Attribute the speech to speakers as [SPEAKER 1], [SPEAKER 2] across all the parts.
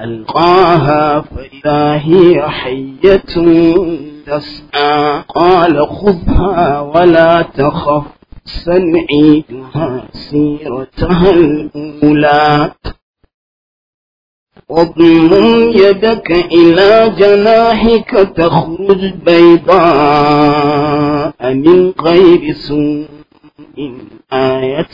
[SPEAKER 1] ألقاها فإذا هي حية تسعى قال خذها ولا تخف سنعيدها سيرتها الأولى واضم يدك إلى جناحك تخرج بيضاء من غير سوء من آية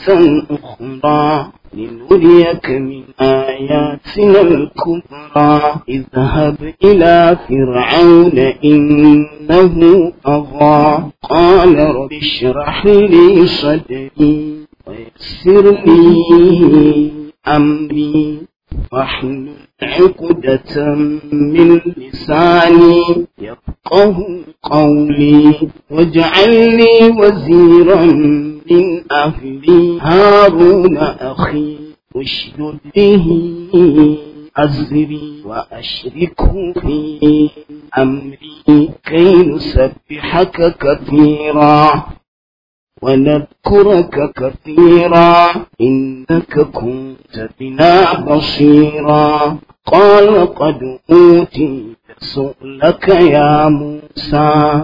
[SPEAKER 1] أخرى لنريك من آياتنا الكبرى اذهب إلى فرعون إنه أغى قال رب اشرح لي صدري ويسر لي أمري واحلل
[SPEAKER 2] عقدة
[SPEAKER 1] من لساني يفقه قولي واجعل لي وزيرا من أهلي هارون أخي أشدد به أزري وأشركه في أمري كي نسبحك كثيرا ونذكرك كثيرا إنك كنت بنا بصيرا قال قد أوتيت سؤلك يا موسى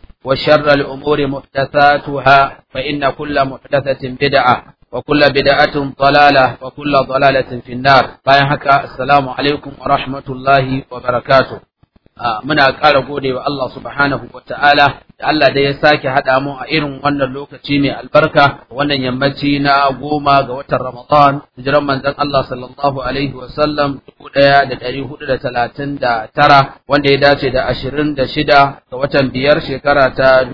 [SPEAKER 2] وشر الأمور محدثاتها فإن كل محدثة بدعة وكل بدعة ضلالة وكل ضلالة في النار بايهك السلام عليكم ورحمة الله وبركاته Ah, muna ƙara gode wa Allah subhanahu wa ta'ala da Allah dai ya sake haɗa mu a irin wannan lokaci mai albarka wannan yammaci na goma ga watan Ramadan hijiran manzon Allah sallallahu alaihi wa sallam tara, wanda ya dace da ashirin da shida ga watan biyar shekara ta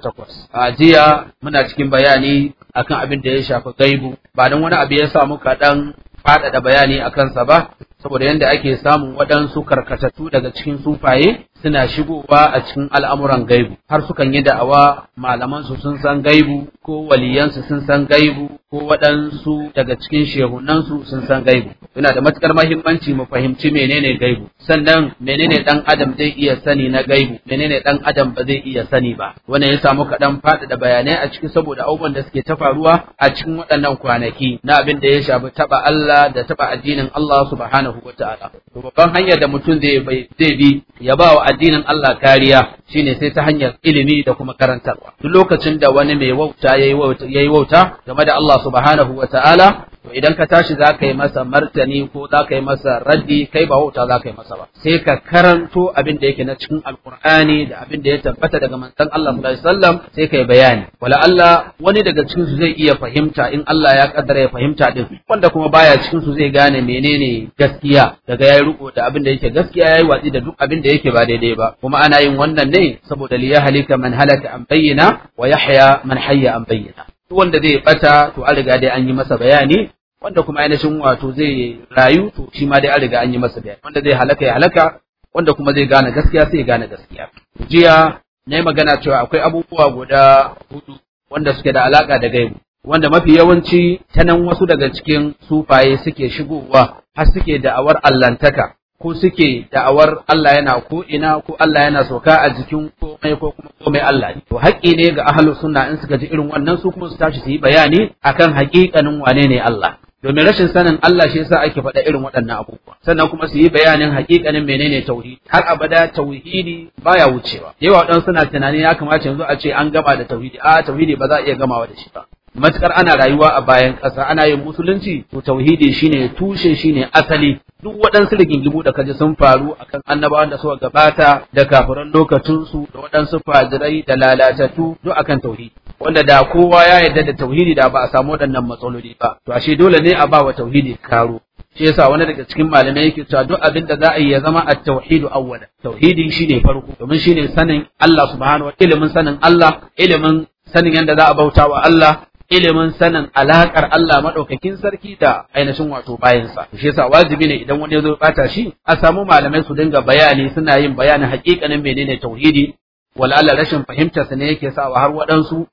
[SPEAKER 2] takwas. a jiya muna cikin bayani akan abin da ya shafi gaibu ba dan wani abu ya samu kaɗan faɗaɗa bayani a kansa ba saboda yadda ake samun waɗansu karkatattu daga cikin sufaye suna shigowa a cikin al'amuran gaibu har sukan yi da'awa malamansu sun san gaibu ko waliyansu sun san gaibu ko waɗansu daga cikin shehunansu sun san gaibu yana da matukar mahimmanci mu fahimci menene gaibu sannan menene ɗan adam zai iya sani na gaibu menene ɗan adam ba zai iya sani ba wannan ya samu kaɗan faɗaɗa bayanai a ciki saboda abubuwan da suke ta faruwa a cikin waɗannan kwanaki na abin da ya shafi taɓa Allah da taɓa addinin Allah subhanahu wa ta'ala to babban hanyar da mutum zai bi ya ba wa addinin Allah kariya shine sai ta hanyar ilimi da kuma karantarwa duk lokacin da wani mai wauta yayi wauta wauta game da Allah subhanahu wata'ala ta'ala to idan ka tashi za ka yi masa martani ko za ka yi masa raddi kai ba wauta za ka yi masa ba sai ka karanto abin da yake na cikin alkur'ani da abin da ya tabbata daga manzon Allah sallallahu alaihi wasallam sai ka yi bayani wala Allah wani daga cikin su zai iya fahimta in Allah ya kaddara ya fahimta din wanda kuma baya cikin su zai gane menene gaskiya daga yayi ruko da abin da yake gaskiya yayi watsi da duk abin da yake ba daidai ba kuma ana yin wannan ne saboda liya halika man halaka an bayyana wa yahya man hayya an bayyana duk wanda zai bata to an riga dai an yi masa bayani wanda kuma ainihin wato zai rayu to shi ma dai an riga an yi masa bayani wanda zai halaka ya halaka wanda kuma zai gane gaskiya sai ya gane gaskiya jiya na yi magana cewa akwai abubuwa guda hudu wanda suke da alaka da gaibu wanda mafi yawanci ta nan wasu daga cikin sufaye suke shigowa har suke da'awar allantaka ko suke da'awar Allah yana ko ina ko Allah yana sauka a jikin komai ko kuma komai Allah ne to haƙƙi ne ga ahlus sunna in suka ji irin wannan su kuma su tashi su yi bayani akan haƙiƙanin wane ne Allah domin rashin sanin Allah shi yasa ake faɗa irin waɗannan abubuwa sannan kuma su yi bayanin haƙiƙanin menene tauhidi har abada tauhidi baya wucewa yawa dan suna tunani ya kamata yanzu a ce an gama da tauhidi a tauhidi ba za a iya gamawa da shi ba matukar ana rayuwa a bayan ƙasa ana yin musulunci to tauhidi shine tushe shine asali duk waɗansu rigingimu da kaji sun faru akan annabawan da suka gabata da kafiran lokacinsu da waɗansu fajirai da lalatattu duk akan tauhidi wanda da kowa ya yarda da tauhidi da ba a samu waɗannan matsaloli ba to ashe dole ne a ba wa tauhidi karo shi yasa wani daga cikin malamai yake cewa duk abin da za a yi ya zama a tauhidu awwala tauhidi shine farko domin shine sanin Allah subhanahu wa ilimin sanin Allah ilimin sanin yadda za a bauta wa Allah ilimin sanin alaƙar Allah madaukakin sarki da ainihin wato bayansa shi yasa wajibi ne idan wani ya zo bata shi a samu malamai su dinga bayani suna yin bayanin haƙiƙanin menene tauhidi walala rashin fahimtar sa ne yake sawa har waɗansu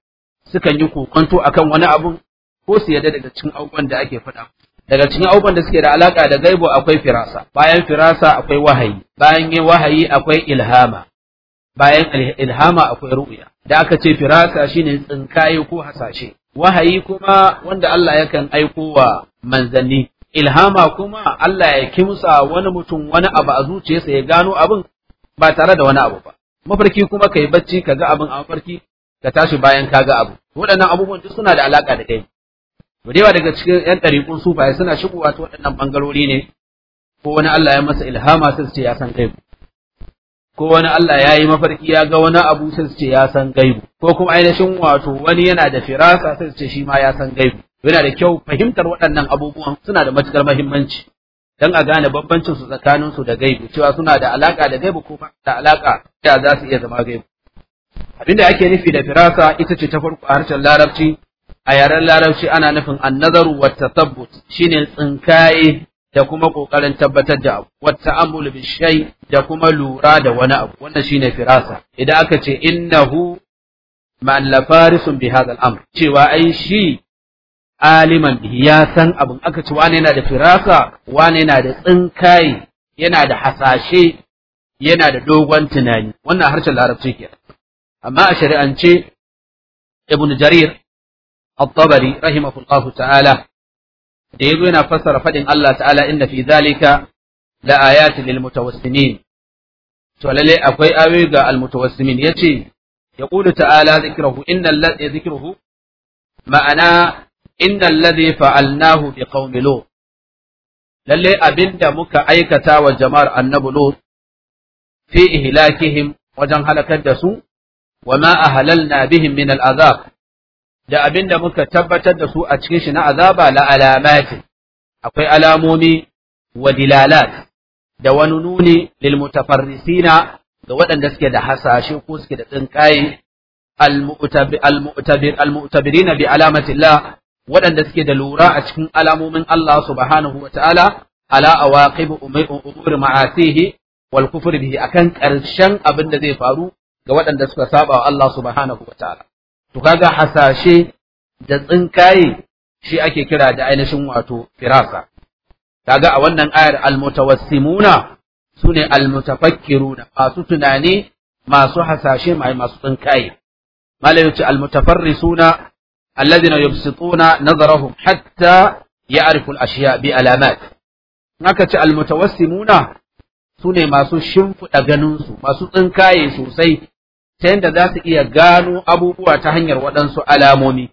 [SPEAKER 2] sukan yi kokonto akan wani abu? ko su yarda daga cikin abubuwan da ake faɗa daga cikin abubuwan da suke da alaƙa da gaibo akwai firasa bayan firasa akwai wahayi bayan yin wahayi akwai ilhama bayan ilhama akwai ru'uya da aka ce firasa shine tsinkaye ko hasashe wahayi kuma wanda Allah yakan aiko wa manzanni ilhama kuma Allah ya kimsa wani mutum wani abu a zuciyarsa ya gano abin ba tare da wani abu ba mafarki kuma kai bacci ka ga abin a mafarki ka tashi bayan ka ga abu waɗannan abubuwan duk suna da alaƙa da kai to daga cikin yan ɗariƙun sufaye suna shigowa ta waɗannan ɓangarori ne ko wani Allah ya masa ilhama sai su ce ya san kai ko wani Allah ya yi mafarki ya ga wani abu sai su ce ya san gaibu ko kuma ainihin wato wani yana da firasa sai su ce shi ma ya san gaibu yana da kyau fahimtar waɗannan abubuwan suna da matukar mahimmanci dan a gane bambancin su tsakanin su da gaibu cewa suna da alaka da gaibu ko ba da alaka da za su iya zama gaibu abinda ake nufi da firasa ita ce ta farko a harshen larabci a yaren larabci ana nufin annazaru wa tasabbut shine tsinkaye da kuma ƙoƙarin tabbatar da abu Wata ta'ammul da kuma lura da wani abu wannan shine firasa idan aka ce innahu man la farisun bi hadha amr cewa ai shi aliman ya san abin aka ce Wani yana da firasa Wani yana da tsinkai yana da hasashe yana da dogon tunani wannan harshen larabci ke amma a shari'ance ibn jarir at-tabari rahimahullahu ta'ala da yazo yana fassara faɗin Allah ta'ala inna fi zalika la ayatin lil to lalle akwai ayoyi ga almutawassimin yace ya yaqulu ta'ala zikruhu innal ladhi eh, zikruhu ma'ana innal ladhi fa'alnahu bi qaumi lut lalle abinda muka aikata wa jama'ar annabu lut fi ihlakihim wajen halakar da su wa ma ahalalna bihim min al'azab da abin da muka tabbatar da su a cikin shi na azaba la alamati akwai alamomi wa dilalat da wani nuni lil mutafarrisina ga waɗanda suke da hasashe ko suke da tsinkaye al-mu'tabirina bi alamatillah waɗanda suke da lura a cikin alamomin Allah subhanahu wata'ala ala awaqib umur ma'asihi wal kufr bihi akan ƙarshen abin da zai faru ga waɗanda suka saba wa Allah subhanahu wata'ala to kaga hasashe da tsinkaye shi ake kira da ainihin wato firasa kaga a wannan ayar almutawassimuna sune almutafakkiruna masu tunani masu hasashe mai masu tsinkaye malai yace almutafarrisuna alladhina yubsituna nazarahum hatta ya'rifu al-ashya bi alamat naka ce almutawassimuna sune masu shimfiɗa ganinsu masu tsinkaye sosai ta yadda za su iya gano abubuwa ta hanyar waɗansu alamomi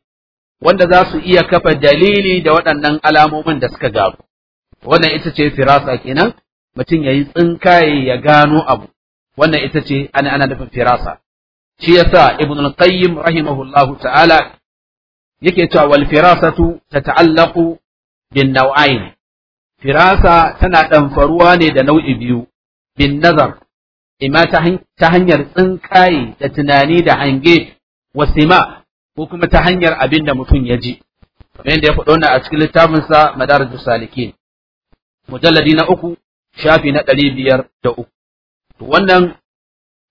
[SPEAKER 2] wanda za su iya kafa dalili da waɗannan alamomin da suka gano wannan ita ce firasa kenan mutum ya yi tsinkaye ya gano abu wannan ita ce ana ana nufin firasa shi ya sa ibn al-qayyim rahimahullahu ta'ala yake cewa wal firasatu ta’allaku bin nau'ain. firasa tana ɗanfaruwa ne da nau'i biyu bin nazar ima ta hanyar tsinkaye da tunani da hange wasima ko kuma ta hanyar abin da mutum ya ji kamar yadda ya faɗo na a cikin littafinsa madarajus salikin mujalladi na uku shafi na ɗari biyar da uku To wannan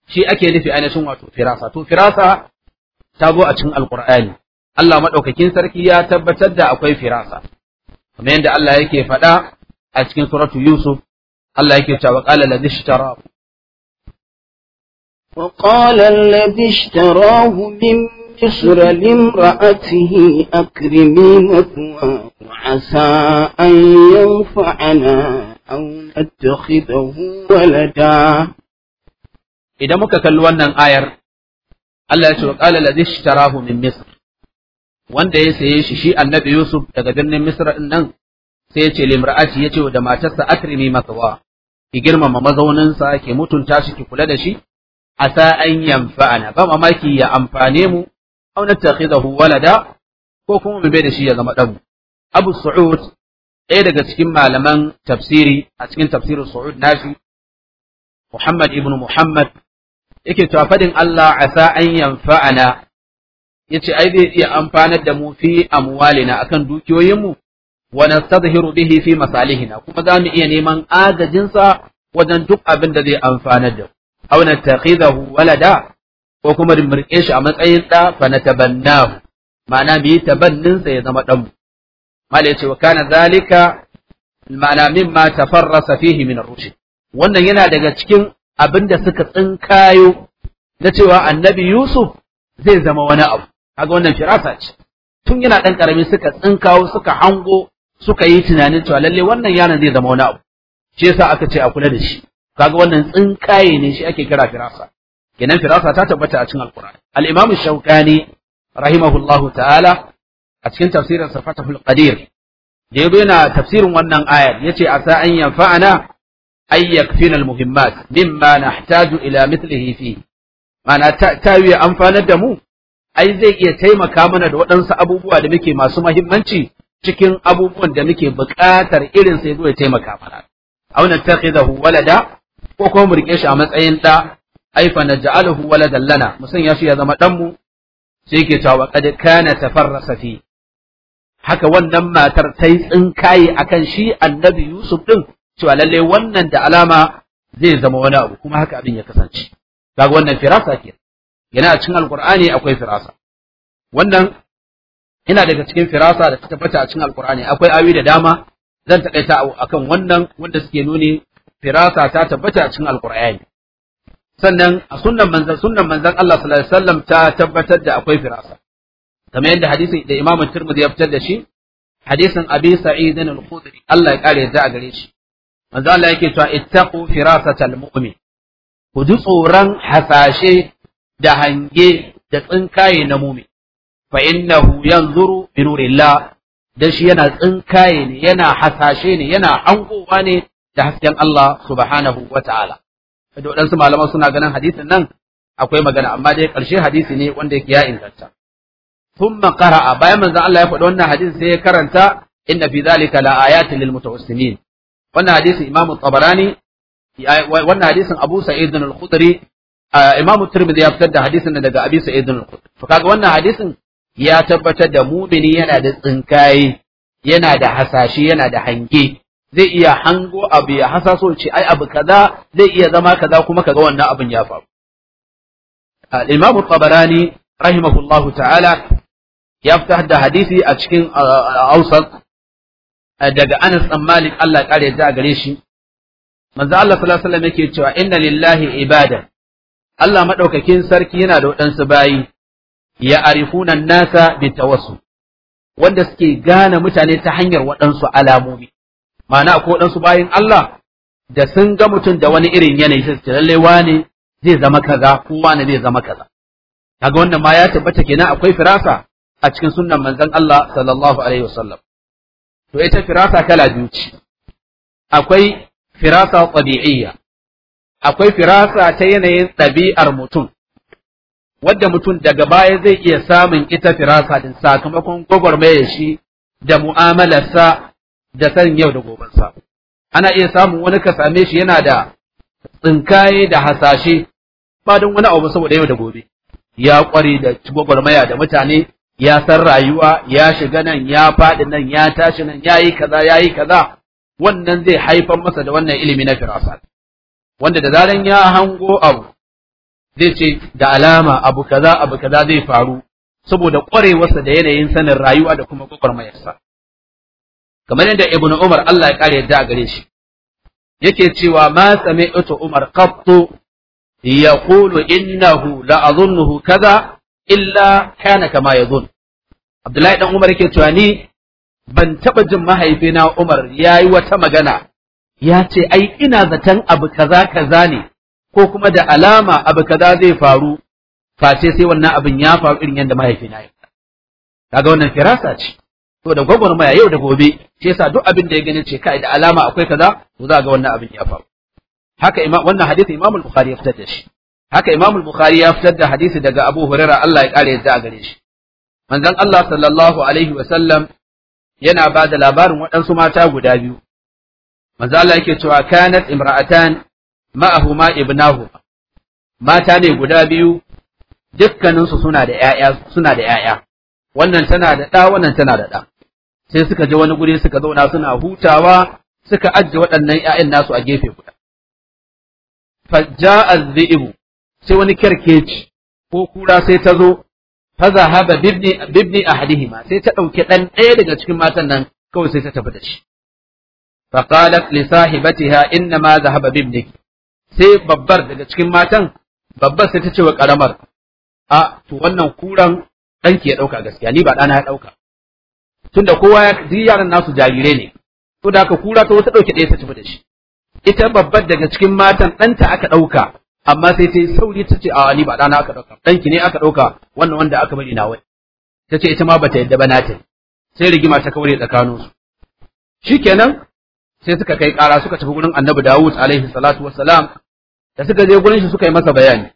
[SPEAKER 2] shi ake nufi ainihin wato firasa to firasa ta zo a cikin alqur'ani Allah madaukakin sarki ya tabbatar da akwai firasa kamar yadda Allah yake faɗa a cikin suratu yusuf Allah yake cewa qala ladhi
[SPEAKER 1] وقال الذي اشتراه من مصر لامرأته أكرمي مثواه عسى أن ينفعنا
[SPEAKER 2] أو نتخذه ولدا إذا مك كلوان آير الله قال الذي اشتراه من مصر وان دي سيشي النبي يوسف تقدرن مصر أنه سيشي لامرأته يتو دماتس أكرمي مثواه يجرم ما ساكي موتون تاشي كي asa an yanfa'ana ba mamaki ya amfane mu aw nattakhidahu walada ko kuma mu bai da shi ya zama dan Abu Su'ud ɗaya daga cikin malaman tafsiri a cikin tafsirin Su'ud nashi Muhammad ibn Muhammad yake cewa fadin Allah asa an yanfa'ana yace ai zai iya amfanar da mu fi amwalina akan dukiyoyinmu wa nastadhiru bihi fi masalihina kuma za mu iya neman agajinsa wajen duk abin da zai amfanar da mu aw nattakhidahu walada ko kuma mu rike shi a matsayin da fa natabannahu ma'ana bi tabannin sa ya zama dan mu yace wa kana zalika ma'ana mimma tafarrasa fihi min ar-rushd wannan yana daga cikin abinda suka tsinkayo na cewa annabi Yusuf zai zama wani abu kaga wannan firasa ce tun yana ɗan ƙarami suka tsinkawo suka hango suka yi tunanin cewa lalle wannan yaron zai zama wani abu shi yasa aka ce a kula da shi kaga wannan tsinkaye ne shi ake kira firasa kenan firasa ta tabbata a cikin alqur'ani al-imam shaukani rahimahullahu ta'ala a cikin tafsirin sa fatahul qadir da yana tafsirin wannan ayar yace asa an yanfa'ana ay yakfina al-muhimmat mimma nahtaju ila mithlihi fi ma'ana tawiya amfanar da mu ai zai iya taimaka mana da waɗansu abubuwa da muke masu mahimmanci cikin abubuwan da muke buƙatar irin sai ya taimaka mana aw nattakhidahu walada ko kuma mu rike shi a matsayin da ai fa naj'aluhu waladan lana musan ya shi ya zama dan mu sai yake cewa qad kana tafarrasa fi haka wannan matar ta yi tsinkaye akan shi annabi Yusuf din cewa lalle wannan da alama zai zama wani abu kuma haka abin ya kasance kaga wannan firasa ke yana a cikin alqur'ani akwai firasa wannan ina daga cikin firasa da ta tabbata a cikin alqur'ani akwai ayoyi da dama zan takaita akan wannan wanda suke nuni firasa ta tabbata a cikin alkur'ani sannan a sunnan manzan sunnan manzan Allah sallallahu alaihi wasallam ta tabbatar da akwai firasa kamar yadda hadisin da Imam Tirmidhi ya fitar da shi hadisin Abi Sa'id al-Khudri Allah ya kare yadda a gare shi manzo Allah yake cewa ittaqu firasatal mu'min ku ji tsoron hasashe da hange da tsinkaye na mu'min fa innahu yanzuru bi nurillah dan shi yana tsinkaye ne yana hasashe ne yana hangowa ne da hasken Allah subhanahu wa ta'ala. Da waɗansu malaman suna ganin hadisin nan akwai magana, amma dai ƙarshe hadisi ne wanda ya inganta. Sun makara bayan manzan Allah ya faɗi wannan hadisi sai ya karanta inna fi zalika la ayatin lil mutawassimin. Wannan hadisin Imam Tabarani wannan hadisin Abu Sa'id al-Khudri Imam Tirmidhi ya fitar da hadisin daga Abi Sa'id al-Khudri. To kaga wannan hadisin ya tabbatar da mumini yana da tsinkaye yana da hasashe yana da hange zai iya hango abu ya hasaso ce ai abu kaza zai iya zama kaza kuma kaga wannan abin ya faru al-imam tabarani rahimahullahu ta'ala ya fitar da hadisi a cikin ausat daga Anas dan Malik Allah ya kare gare shi manzo Allah sallallahu alaihi yake cewa inna lillahi ibada Allah madaukakin sarki yana da waɗansu bayi ya arifuna nasa bi wasu. wanda suke gane mutane ta hanyar waɗansu alamomi mana ko dan su bayin Allah da sun ga mutum da wani irin yanayi sai su lalle wane zai zama kaza ko wani zai zama kaza kaga wannan ma ya tabbata kenan akwai firasa a cikin sunnan manzon Allah sallallahu alaihi wasallam to ita firasa kala biyu akwai firasa tabi'iyya akwai firasa ta yanayin ɗabi'ar mutum wadda mutum daga baya zai iya samun ita firasa din sakamakon gwagwarmaya shi da mu'amalarsa da san yau da gobensa ana iya samun wani ka same shi yana da tsinkaye da hasashe ba don wani abu saboda yau da gobe ya kware da gwagwarmaya da mutane ya san rayuwa ya shiga nan ya faɗi nan ya tashi nan ya yi kaza ya yi kaza wannan zai haifar masa da wannan ilimi na firasat wanda da zaran ya hango abu zai ce da alama abu kaza abu kaza zai faru saboda ƙwarewarsa da yanayin sanin rayuwa da kuma gwagwarmayarsa kamar yadda ibn umar Allah ya kare yadda gare shi yake cewa ma sami'tu umar qattu yaqulu innahu la azunnuhu kaza illa kana kama yadhun Abdullahi dan Umar yake cewa ni ban taba jin mahaifina Umar yayi wata magana ya ce ai ina zaton abu kaza kaza ne ko kuma da alama abu kaza zai faru face sai wannan abin ya faru irin yadda mahaifina ya kaga wannan firasa ce to da gwagwarmaya yau da gobe shi yasa duk abin da ya gani ce kai da alama akwai kaza to za ga wannan abin ya faru haka imam wannan hadisi imam al-bukhari ya fitar da shi haka imam al-bukhari ya fitar da hadisi daga abu hurairah Allah ya kare yadda a gare shi manzon Allah sallallahu alaihi wa sallam yana ba da labarin waɗansu mata guda biyu manzo Allah yake cewa kanat imra'atan ma'ahuma ibnahuma mata ne guda biyu dukkaninsu suna da ‘ya'ya, suna da ‘ya'ya, wannan tana da ɗa, wannan tana da ɗa. sai suka je wani guri suka zauna suna hutawa suka ajiye waɗannan ‘ya'yan nasu a gefe guda. Fajja al-zi’ibu, sai wani kyarkeci ko kura sai ta zo, faza haba bibni a hadihima sai ta ɗauki ɗan ɗaya daga cikin matan nan kawai sai ta tafi da shi. Faƙalat li sahibatiha inna ma za haba bibni. Sai babbar daga cikin matan, babbar sai ta ce wa ƙaramar, a to wannan kuran ɗanki ya ɗauka gaskiya, ni ba ɗana ya ɗauka. tunda kowa ya duk yaran nasu jarirai ne to da aka kura ta wata ɗauke ɗaya ta tafi da shi ita babbar daga cikin matan ɗanta aka ɗauka amma sai ta yi sauri ta ce a ni ba ɗana aka ɗauka ɗanki ne aka ɗauka wannan wanda aka bari na wai ta ce ita ma bata yadda ba nata sai rigima ta kaure tsakaninsu shikenan sai suka kai ƙara suka tafi gurin annabi Dawud alaihi salatu wassalam da suka je gurin shi suka yi masa bayani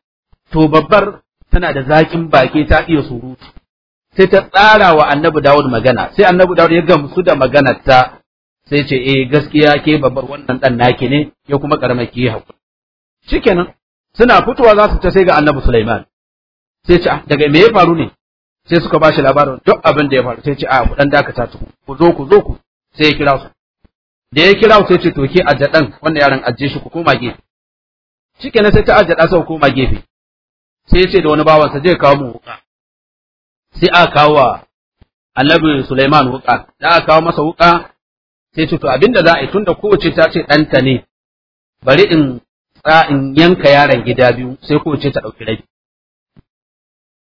[SPEAKER 2] to babbar tana da zaƙin baki ta iya surutu sai ta tsara wa annabi Dawud magana sai annabi Dawud ya gamsu da maganar ta sai ce eh gaskiya ke babbar wannan dan naki ne ya kuma karamaki hakuri shikenan suna fitowa za su ta sai ga annabi Sulaiman sai ce ah, daga me ya faru ne sai suka bashi labarin duk abin da ya faru sai ce a ah, ku dan dakata tuku ku zo ku zo ku sai ya kira su da ya kira sai ce to ke a jadan wannan yaron ajje shi ku koma gefe shikenan sai ta ajada sai ku koma gefe sai ya ce da wani bawansa zai kawo mu wuka sai aka kawo wa annabi Sulaiman wuka da aka kawo masa wuka sai ce to abinda za a yi tunda kowace ta ce ɗanta ne bari in tsa in yanka yaron gida biyu sai kowace ta ɗauki rabi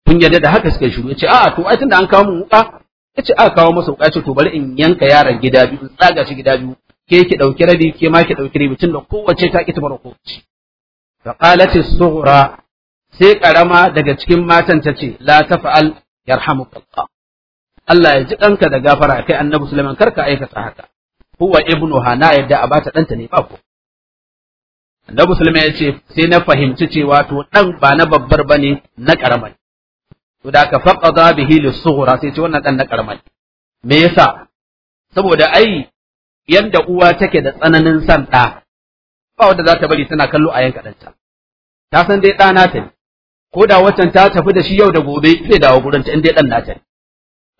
[SPEAKER 2] kun yadda da haka suka shiru yace a'a to ai tunda an kawo mu wuka yace aka kawo masa wuka ce to bari in yanka yaron gida biyu in tsaga shi gida biyu ke ki ɗauki rabi ke ma ki ɗauki rabi tunda kowace ta ki ta kowace fa qalat as-sughra sai karama daga cikin matan ta ce la taf'al yarhamukallah Allah ya ji ɗanka da gafara kai annabi Sulaiman karka aikata haka huwa ibnu hana yadda a bata ɗanta ne ba ko annabi Sulaiman ya ce sai na fahimci cewa to ɗan ba na babbar bane na ne to da ka faqada bihi lisughra sai ce wannan ɗan na ne me yasa saboda ai yanda uwa take da tsananin san ɗa ba wanda za ta bari tana kallo a yanka ɗanta ta san dai ɗana ta ne ko da watan ta tafi da shi yau da gobe zai dawo gurin ta in dai dan nata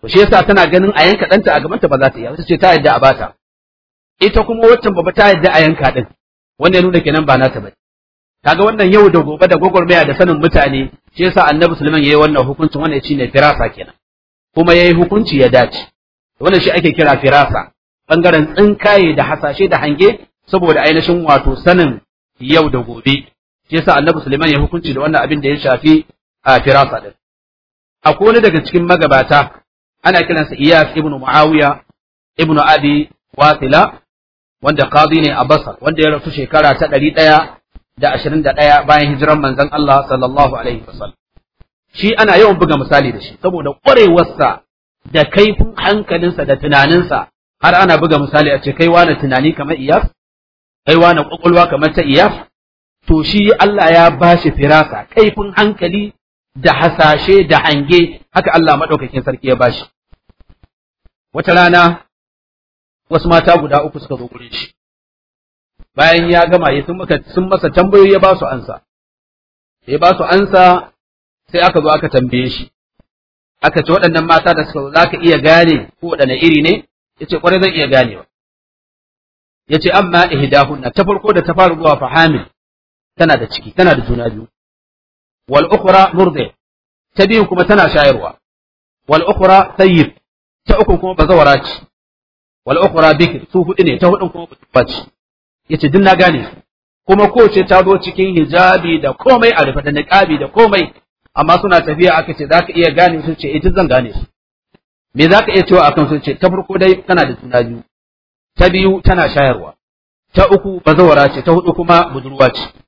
[SPEAKER 2] to shi yasa tana ganin a yanka danta a gaban ta ba za ta iya wata ce ta yadda a bata ita kuma watan ba ta yadda a yanka din wanda ya nuna kenan ba nata ba kaga wannan yau da gobe da gwagwarmaya da sanin mutane shi yasa annabi sulaiman yayi wannan hukuncin wannan ne firasa kenan kuma yayi hukunci ya dace wannan shi ake kira firasa bangaren tsinkaye da hasashe da hange saboda ainihin wato sanin yau da gobe shi yasa annabi Sulaiman ya hukunci da wannan abin da ya shafi a firasa din akwai wani daga cikin magabata ana kiransa Iyas ibn Muawiya ibn Abi Wasila wanda qadi ne a Basra wanda ya rasu shekara ta ɗari ɗaya da ashirin da ɗaya bayan hijiran manzon Allah sallallahu alaihi wasallam shi ana yawan buga misali da shi saboda ƙwarewarsa da kaifin hankalinsa da tunaninsa har ana buga misali a ce kai wani tunani kamar iyas kai wani ƙwaƙwalwa kamar ta iyas to shi Allah ya ba shi firasa kaifin hankali da hasashe da hange haka Allah maɗaukakin sarki ya ba shi wata rana wasu mata guda uku suka zo gurin shi bayan ya gama ya sun masa tambayoyi ya ba su ansa ya ba su ansa sai aka zo aka tambaye shi aka ce waɗannan mata da suka zo za ka iya gane ko waɗanne iri ne ya ce ƙwarai zan iya ganewa ya ce amma ihdahunna ta farko da ta fara zuwa fahamin tana da ciki tana da juna biyu wal ukhra murdi ta biyu kuma tana shayarwa wal ukhra tayyib ta uku kuma bazawara ce wal ukhra bikr su hudu ne ta hudun kuma budurwa ce yace din na gane kuma kowace ta zo cikin hijabi da komai a rufe da niqabi da komai amma suna tafiya aka ce zaka iya gane su ce ita eh, zan gane su me zaka iya cewa akan su ce ta farko dai kana da juna biyu ta biyu tana shayarwa ta uku bazawara ce ta hudu kuma budurwa ce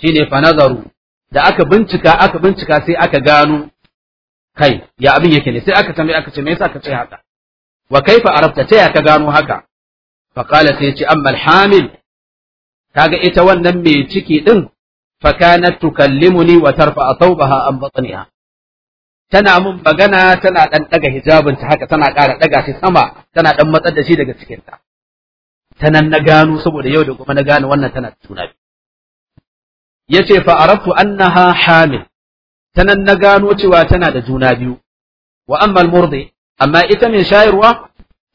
[SPEAKER 2] shine fanazaru da aka bincika aka bincika sai aka gano kai ya abin yake ne sai aka tambaye aka ce me yasa aka ce haka wa kaifa arabta ta ya ka gano haka fa qala sai ce amma alhamil kaga ita wannan mai ciki din fa kanat tukallimuni wa tarfa thawbaha an batniha tana mun magana tana dan daga hijabin ta haka tana ƙara daga shi sama tana dan matsar da shi daga cikin ta tanan na gano saboda yau da kuma na gano wannan tana tuna yace fa arabtu annaha hamil nan na gano cewa tana da juna biyu wa amma al-murdi amma ita mai shayarwa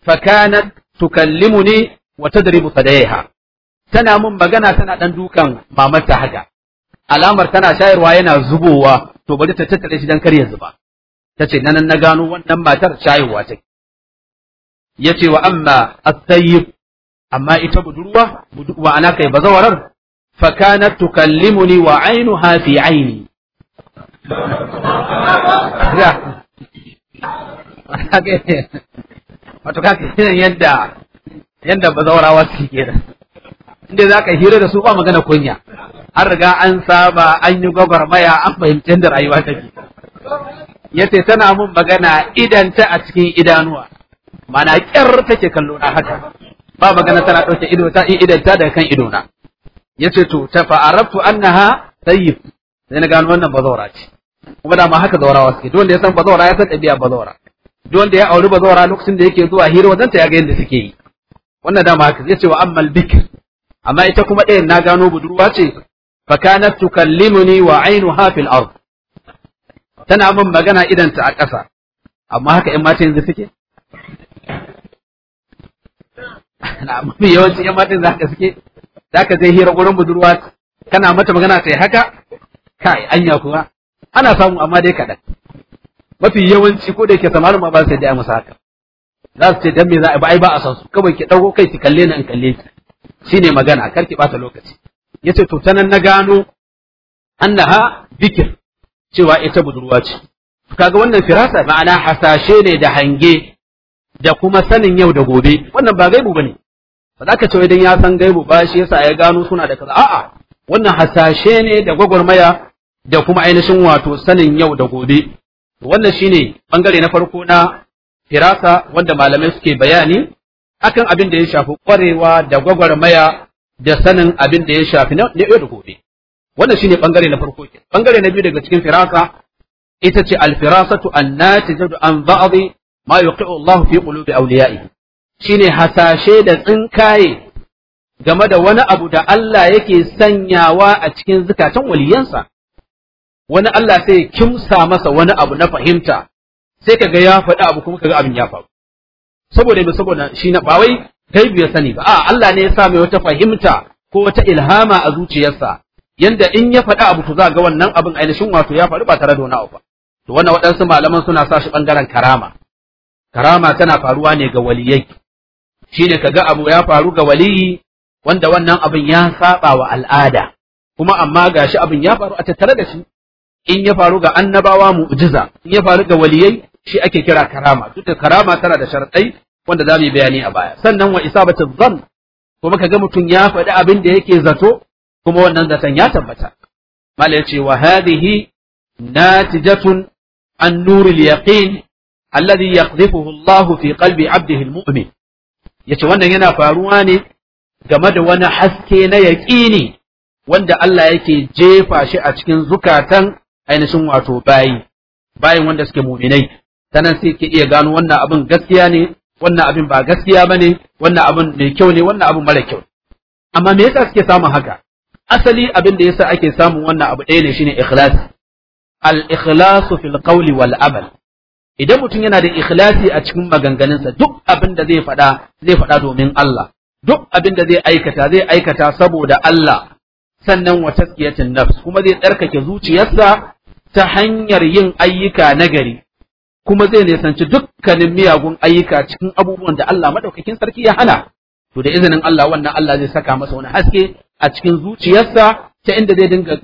[SPEAKER 2] fa kanat tukallimuni wa tadribu fadaiha tana mun magana tana dan dukan mamanta haka alamar tana shayarwa yana zubowa to bari ta tattare shi karya kar ya zuba tace nan na gano wannan matar shayarwa Ya ce wa amma as amma ita budurwa wa ana kai bazawarar فكانت تكلمني وعينها في عيني wato ka kiran yadda yadda bazaurawa su kenan inda za ka yi hira da su ba magana kunya an riga an saba an yi gwagwarmaya an fahimci yadda rayuwa ta ke. Ya ce tana mun magana idan ta a cikin idanuwa mana kyar take kallo na haka ba magana tana ɗauke ido ta in idan ta daga kan ido na Ya ce to ta fa'arabtu annaha tayyib sai na gano wannan bazawara ce kuma dama haka zawarawa suke duk wanda ya san bazawara ya san ɗabi'a bazawara duk wanda ya auri bazawara lokacin da yake zuwa hira wajen ta ya ga yadda suke yi wannan dama haka ce wa ammal bikr amma ita kuma ɗayan na gano budurwa ce fa kanat tukallimuni wa ainuha fil ard tana min magana ta a ƙasa amma haka ƴan mata yanzu suke na mafi yawancin ƴan mata yanzu haka suke da ka zai hira gurin budurwa kana mata magana ta yi haka kai anya kuwa ana samu amma dai kaɗan mafi yawanci ko da yake samarin ma ba su da musu haka za su ce dan me za a ba ai ba a san su kawai ki dauko kai ki kalle ni in kalle ki shine magana kar ki bata lokaci yace to tanan na gano annaha bikir cewa ita budurwa ce ga wannan firasa ma'ana hasashe ne da hange da kuma sanin yau da gobe wannan ba gaibu ne. ba za ka ce idan ya san gaibu ba shi yasa ya gano suna da kaza a'a wannan hasashe ne da gwagwarmaya da kuma ainihin wato sanin yau da gobe wannan shine bangare na farko na firasa wanda malamai suke bayani akan abin da ya shafi kwarewa da gwagwarmaya da sanin abin da ya shafi na yau da gobe wannan shine bangare na farko ke bangare na biyu daga cikin firasa ita ce alfirasatu annatijatu an ba'dhi ma yuqi'u Allah fi qulubi awliya'ihi shine hasashe da tsinkaye game da wani abu da Allah yake sanyawa a cikin zukatan waliyansa wani Allah sai kimsa masa wani abu na fahimta sai kaga ya faɗi abu kuma kaga abin ya faru saboda me saboda shi na bawai kai biyar sani ba a Allah ne ya sa mai wata fahimta ko wata ilhama a zuciyarsa yanda in ya faɗi abu to za ga wannan abin ainihin wato ya faru ba tare da wani abu ba to wannan waɗansu malaman suna sa shi ɓangaren karama karama tana faruwa ne ga waliyai shine kaga abu ya faru ga waliyi wanda wannan abin ya saba wa al'ada kuma amma gashi abin ya faru a tattare da shi in ya faru ga annabawa mu'jiza in ya faru ga waliyai shi ake kira karama duk da karama tana da sharadai wanda za mu yi bayani a baya sannan wa isabatu dhann kuma kaga mutum ya faɗi abin da yake zato kuma wannan zaton ya tabbata malai ce wa hadhihi natijatun an nuril yaqin alladhi yaqdhifuhu Allah fi qalbi abdihi almu'min ce wannan yana faruwa ne game da wani haske na yaƙini wanda Allah yake jefa shi a cikin zukatan ainihin wato bayi bayin wanda suke muminai sanan sai ke iya gano wannan abin gaskiya ne wannan abin ba gaskiya ba ne wannan abin mai kyau ne wannan abin mara kyau amma me yasa suke samun haka asali abin da yasa ake samun wannan abu ɗaya ne shine ikhlas al ikhlasu fil qawli wal amal idan mutum yana da ikhlasi a cikin maganganunsa duk abin da zai faɗa zai faɗa domin Allah duk abin da zai aikata zai aikata saboda Allah sannan wa taskiyatin nafs kuma zai tsarkake zuciyarsa ta hanyar yin ayyuka nagari kuma zai nisanci dukkanin miyagun ayyuka cikin abubuwan da Allah madaukakin sarki ya hana to da izinin Allah wannan Allah zai saka masa wani haske a cikin zuciyarsa ta inda zai dinga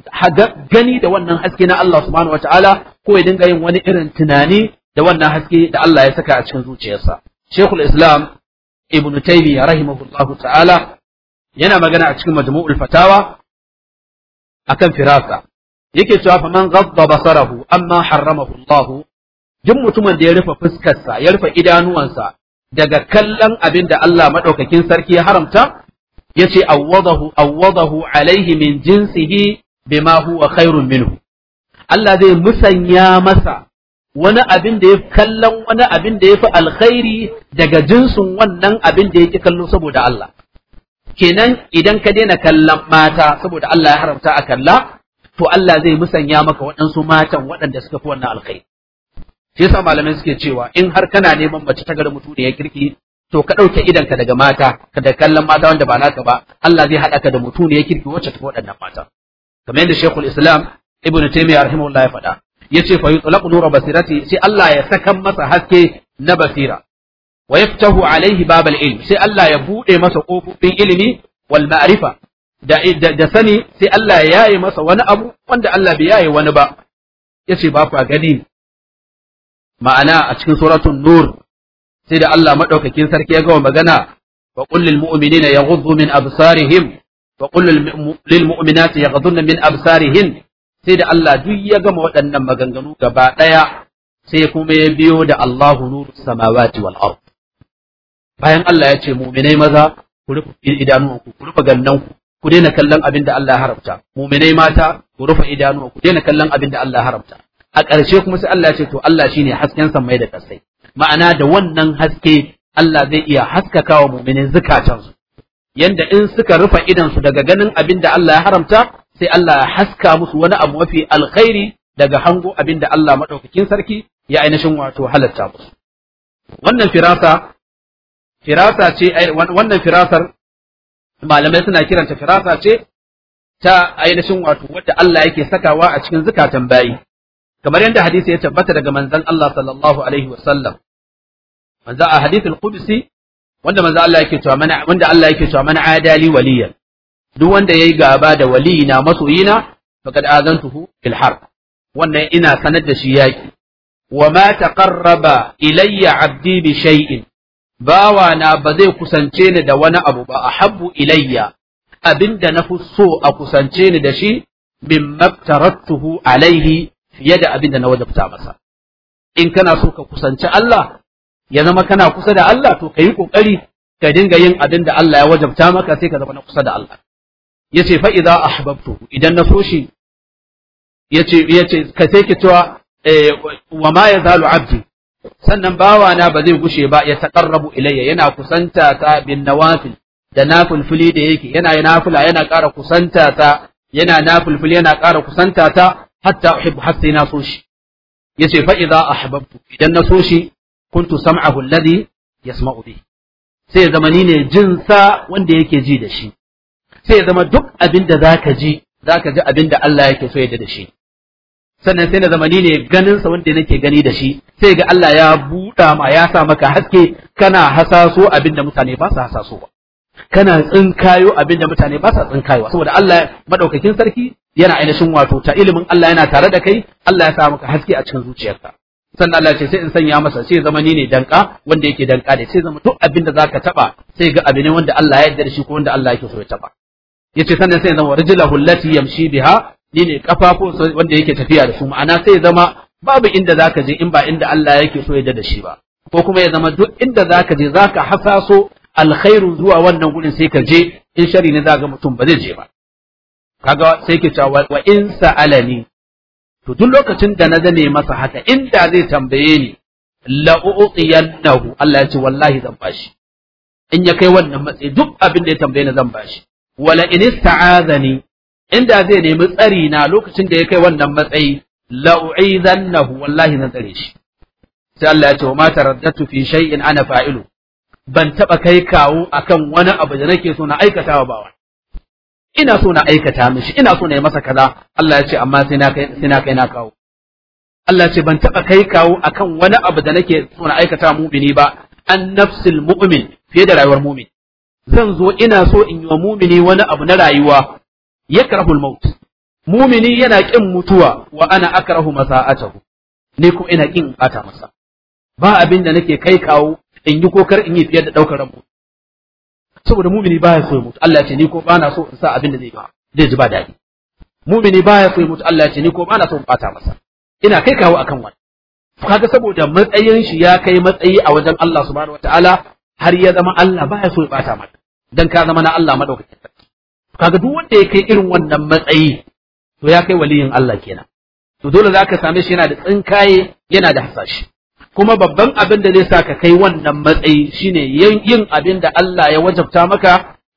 [SPEAKER 2] gani da wannan haske na Allah subhanahu wataala ko ya dinga yin wani irin tunani da wannan haske da Allah ya saka a cikin zuciyarsa Sheikhul Islam Ibn Taymiyyah rahimahullahu ta'ala yana magana a cikin Majmu'ul Fatawa akan firasa yake cewa fa man ghadda basarahu amma harramahu Allah duk mutumin da ya rufe fuskarsa ya rufe idanuwansa daga kallon abin da Allah madaukakin sarki ya haramta yace awwadahu awwadahu alaihi min jinsihi bima huwa khairun minhu Allah zai musanya masa wani abin da ya kallon wani abin da ya fi alkhairi daga jinsin wannan abin da yake kallo saboda Allah kenan idan ka daina kallon mata saboda Allah ya haramta a kalla to Allah zai musanya maka waɗansu matan waɗanda suka fi wannan alkhairi shi yasa malamai suke cewa in har kana neman mace ta gari mutu da ya kirki to ka ɗauke idanka daga mata ka da kallon mata wanda ba naka ba Allah zai haɗa ka da mutu ya kirki wacce ta waɗannan mata kamar yadda Sheikhul Islam Ibn Taymiyyah rahimahullah ya faɗa yace fa yutlaqu nura basirati sai Allah ya sakan masa haske na basira wa yaftahu alaihi babal ilm sai Allah ya bude masa kofofin ilimi wal ma'rifa da da sani sai Allah ya yaye masa wani abu wanda Allah bai yaye wani ba yace ba ku gani ma'ana a cikin suratul nur sai da Allah madaukakin sarki ya ga magana wa qul lil mu'minina yaghuddu min absarihim wa qul lil mu'minati yaghuddu min absarihin sai da Allah duk ya gama waɗannan maganganu gaba ɗaya sai kuma ya biyo da Allahu nuru samawati wal ard bayan Allah ya ce mu'minai maza ku rufe idanuwanku ku rufe gannanku ku daina kallon abin da Allah ya haramta mu'minai mata ku rufe idanuwanku ku daina kallon abin da Allah ya haramta a ƙarshe kuma sai Allah ya ce to Allah shine hasken samai da kasai ma'ana da wannan haske Allah zai iya haskaka wa mu'minai zukatansu yanda in suka rufe idansu daga ganin abin da Allah ya haramta sai Allah ya haska musu wani abu mafi alkhairi daga hango abinda Allah madaukakin sarki ya ainihin wato halatta musu wannan firasa firasa ce wannan firasar malamai suna kiranta firasa ce ta ainihin wato wadda Allah yake sakawa a cikin zukatan bayi kamar yadda hadisi ya tabbata daga manzon Allah sallallahu alaihi a qudsi wanda yake Allah yake cewa mana adali waliyan duk wanda ya yi gaba da na masoyina faqad azantuhu bil harb wannan ina sanar da shi yaki wa ma taqarraba ilayya abdi bi shay'in bawa na ba zai kusance ni da wani abu ba ahabbu ilayya abinda na fi so a kusance ni da shi min mabtaratuhu alaihi fiye da abinda na wajabta masa in kana so ka kusanci Allah ya zama kana kusa da Allah to ka yi kokari ka dinga yin abin da Allah ya wajabta maka sai ka zama na kusa da Allah yace fa'iza a hababtu idan na so shi yace yace ka sai ki cewa eh, wa ma ya zalu abdi sannan bawana ba zai gushe ba ya taqarrabu ilayya yana kusanta ta bin nawafil da nafilfili da yake yana nafila yana ƙara kusanta ta yana nafilfili yana ƙara kusanta ta hatta uhibbu har na so shi yace fa'iza a hababtu idan na so shi kuntu sam'ahu alladhi yasma'u bihi sai zamani ne jinsa wanda yake ji da shi sai ya zama duk abin da zaka ji zaka ji abin da Allah yake so yadda da shi sannan sai na zama ni ne ganin sa wanda nake gani da shi sai ga Allah ya buɗa ma ya sa maka haske kana hasaso abin da mutane ba su hasaso ba kana tsinkayo abin da mutane ba sa tsinkayo saboda Allah madaukakin sarki yana ainihin wato ta ilimin Allah yana tare da kai Allah ya sa maka haske a cikin zuciyarka sannan Allah ce sai in sanya masa sai zama ni ne danka wanda yake danka da sai zama duk abin da zaka taba sai ga abin wanda Allah ya yarda da shi ko wanda Allah yake so ya taba yace sannan sai ya zama rijlahu allati yamshi biha ni ne kafafun wanda yake tafiya da su ma'ana sai ya zama babu inda zaka je in ba inda Allah yake so ya da shi ba ko kuma ya zama duk inda zaka je zaka hasaso alkhairu zuwa wannan gurin sai ka je in shari ne zaka mutum ba zai je ba kaga sai ke cewa wa in sa'alani to duk lokacin da na zane masa haka inda zai tambaye ni la'u'tiyannahu Allah ya ce wallahi zan bashi in ya kai wannan matsayi duk abin da ya tambaye ni zan bashi wala in ista'azani inda zai nemi tsari na lokacin da ya kai wannan matsayi la'u'izannahu wallahi na tsare shi sai Allah ya ce wa mata taraddatu fi shay'in ana fa'ilu ban taba kai kawo akan wani abu da nake so na aikata wa bawa ina so na aikata mishi ina so na yi masa kaza Allah ya ce amma sai na kai sai na kai na kawo Allah ya ce ban taba kai kawo akan wani abu da nake so na aikata mu'mini ba an nafsil mu'min fiye da rayuwar mu'min zan zo ina so in yi wa mumini wani abu na rayuwa yakrahul maut mumini yana kin mutuwa wa ana akrahu masa'atahu ni kuma ina kin ata masa ba abin da nake kai kawo in yi kokar in yi fiye da daukar rabu saboda mumini baya so ya mutu Allah ya ce ni ko ba na so in sa abin da zai ba zai ji ba dadi mumini baya so ya mutu Allah ya ce ni ko ba na so in ɓata masa ina kai kawo akan wani. kaga saboda matsayin shi ya kai matsayi a wajen Allah subhanahu wataala har ya zama Allah baya so ya bata maka dan ka zama na Allah madaukakin sarki kaga duk wanda ya kai irin wannan matsayi to ya kai waliyin Allah kenan to dole za ka same shi yana da tsinkaye yana da hasashe kuma babban abin da zai sa ka kai wannan matsayi shine yin abin da Allah ya wajabta maka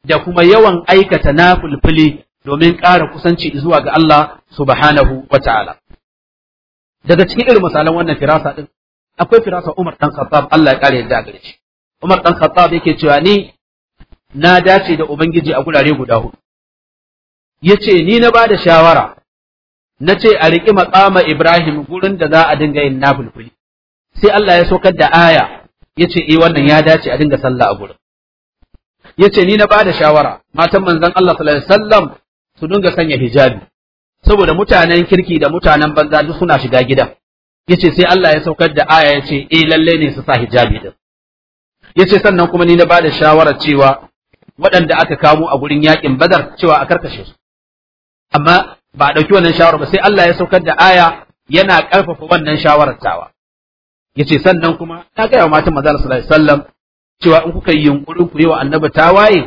[SPEAKER 2] da kuma yawan aikata fulfuli domin ƙara kusanci zuwa ga Allah subhanahu wa ta'ala daga cikin irin misalan wannan firasa ɗin akwai firasa Umar ɗan Khattab Allah ya ƙara yadda gare shi Umar ɗan Khattab yake cewa ni na dace da Ubangiji a gurare guda hudu. Ya ce, Ni na ba da shawara, na ce a riƙi maƙama Ibrahim gurin da za a dinga yin nafulfuli. Sai Allah ya saukar da aya, ya ce, E eh wannan ya dace a dinga sallah a gurin. Ya ce, Ni na ba da shawara, matan manzan Allah sallallahu Alaihi wasallam su dinga sanya hijabi, saboda mutanen kirki da mutanen banza duk suna shiga gidan. Ya ce, Sai Allah ya saukar da aya ya ce, E eh lallai ne su sa hijabi din. Ya ce sannan kuma ni na bada shawarar cewa waɗanda aka kamo a gurin yakin bazar cewa a karkashe su amma ba a ɗauki wannan shawarar ba sai Allah ya saukar da aya yana ƙarfafa wannan shawarar tawa Ya ce sannan kuma ta gaya wa matan manzo sallallahu alaihi wasallam cewa in kuka yi yunƙurin ku yi wa annabi tawaye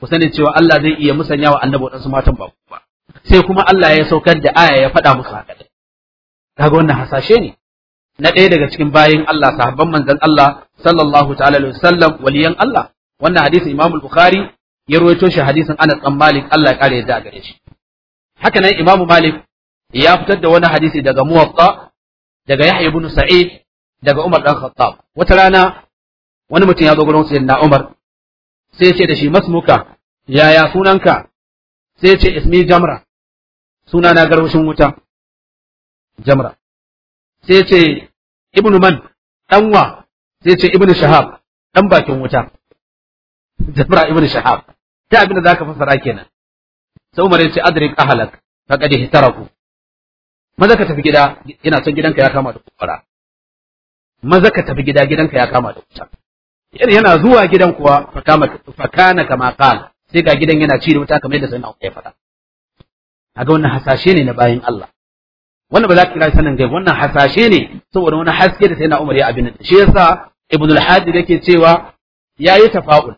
[SPEAKER 2] ku sani cewa Allah zai iya musanya wa annabi waɗansu matan ba ba sai kuma Allah ya saukar da aya ya faɗa musu haka kaga wannan hasashe ne na ɗaya daga cikin bayin Allah sahabban manzon Allah sallallahu ta'ala alaihi wasallam waliyan Allah wannan hadisin Imam Bukhari ya rawaito shi hadisin Anas dan Malik Allah ya kare yadda gare shi haka nan Imam Malik ya fitar da wani hadisi daga Muwatta daga Yahya ibn Sa'id daga Umar dan Khattab wata rana wani mutum ya zo gurin na Umar sai ya ce da shi masmuka yaya sunanka sai
[SPEAKER 3] ya ce ismi jamra suna na garwashin wuta jamra
[SPEAKER 2] sai ya ce ibnu man danwa sai ce Ibn shahab dan bakin wuta jabra Ibn shahab ta abin da zaka fassara kenan sai umar ya ce adrik ahlak faqad ihtaraku maza ka tafi gida ina son gidanka ya kama da kubara maza ka tafi gida gidanka ya kama da wuta yana zuwa gidan kuwa fakana kama kala sai ga gidan yana ci da wuta kamar yadda sai na ya faɗa ga wannan hasashe ne na bayan Allah wannan ba za ka kira sanin gai wannan hasashe ne saboda wani haske da sai na Umar ya abin da shi yasa ibn al-hadi yake cewa yayi tafa'ul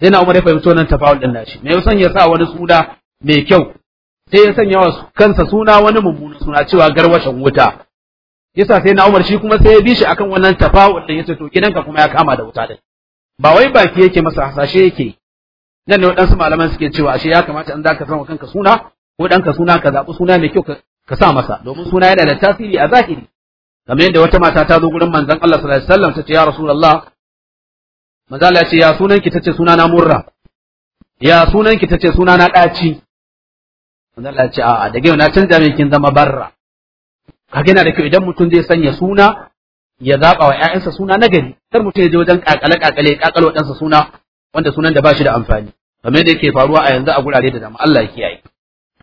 [SPEAKER 2] sai na umar ya fahimci wannan tafa'ul din nashi me yasan ya sa wani suna mai kyau sai ya sanya wa kansa suna wani mummunan suna cewa garwashin wuta yasa sai na umar shi kuma sai ya bi shi akan wannan tafa'ul din yace to gidanka kuma ya kama da wuta din ba wai baki yake masa hasashe yake nan ne waɗansu malaman suke cewa ashe ya kamata in zaka sama kanka suna ko ɗanka suna ka zaɓi suna mai kyau ka sa masa domin suna yana da tasiri a zahiri kamar yadda wata mata ta zo gurin manzon Allah sallallahu alaihi wasallam ta ce ya rasulullah manzo Allah ya ce ya sunanki tace suna na murra ya sunanki tace suna na daci manzo Allah ya ce a'a daga yau na canza mai kin zama barra kaga yana da kyau idan mutum zai sanya suna ya zaba wa ƴaƴansa suna na gari kar mutum ya je wajen kakale kakale kakalo ɗansa suna wanda sunan da ba shi da amfani kamar yadda yake faruwa a yanzu a gurare da dama Allah ya kiyaye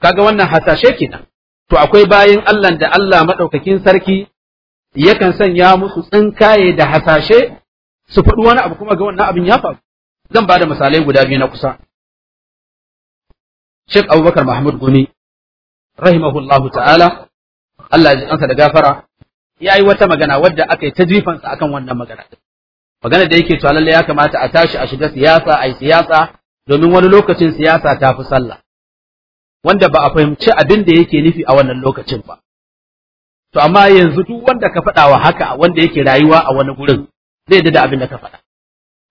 [SPEAKER 2] kaga wannan hasashe kenan to akwai bayin Allah da Allah madaukakin sarki yakan sanya musu tsinkaye da hasashe su faɗi wani abu kuma ga wannan abin ya faru zan ba da misalai guda biyu na kusa Sheikh Abubakar Mahmud Gumi rahimahullahu ta'ala Allah ya ji ansa da gafara ya yi wata magana wadda aka yi ta jifansa akan wannan magana magana da yake to lalle ya kamata a tashi a shiga siyasa a yi siyasa domin wani lokacin siyasa ta fi sallah wanda ba a fahimci abin da yake nufi a wannan lokacin ba to amma yanzu duk wanda ka faɗa wa haka wanda yake rayuwa a wani gurin zai da abin da ka faɗa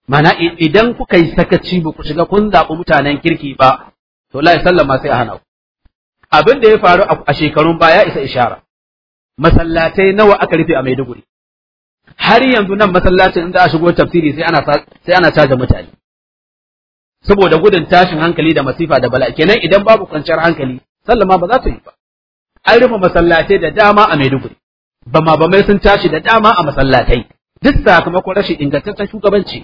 [SPEAKER 2] mana idan kuka yi sakaci ba ku shiga kun zaɓi mutanen kirki ba to lai sallama sai a hana ku abin da ya faru a shekarun baya isa ishara masallatai nawa aka rufe a Maiduguri har yanzu nan masallacin inda a shigo tafsiri sai ana sai ana caja mutane saboda gudun tashin hankali da masifa da bala'i kenan idan babu kwanciyar hankali sallama ba za ta yi ba an rufe masallatai da dama a Maiduguri bama bamai sun tashi da dama a masallatai duk sakamakon rashin ingantaccen shugabanci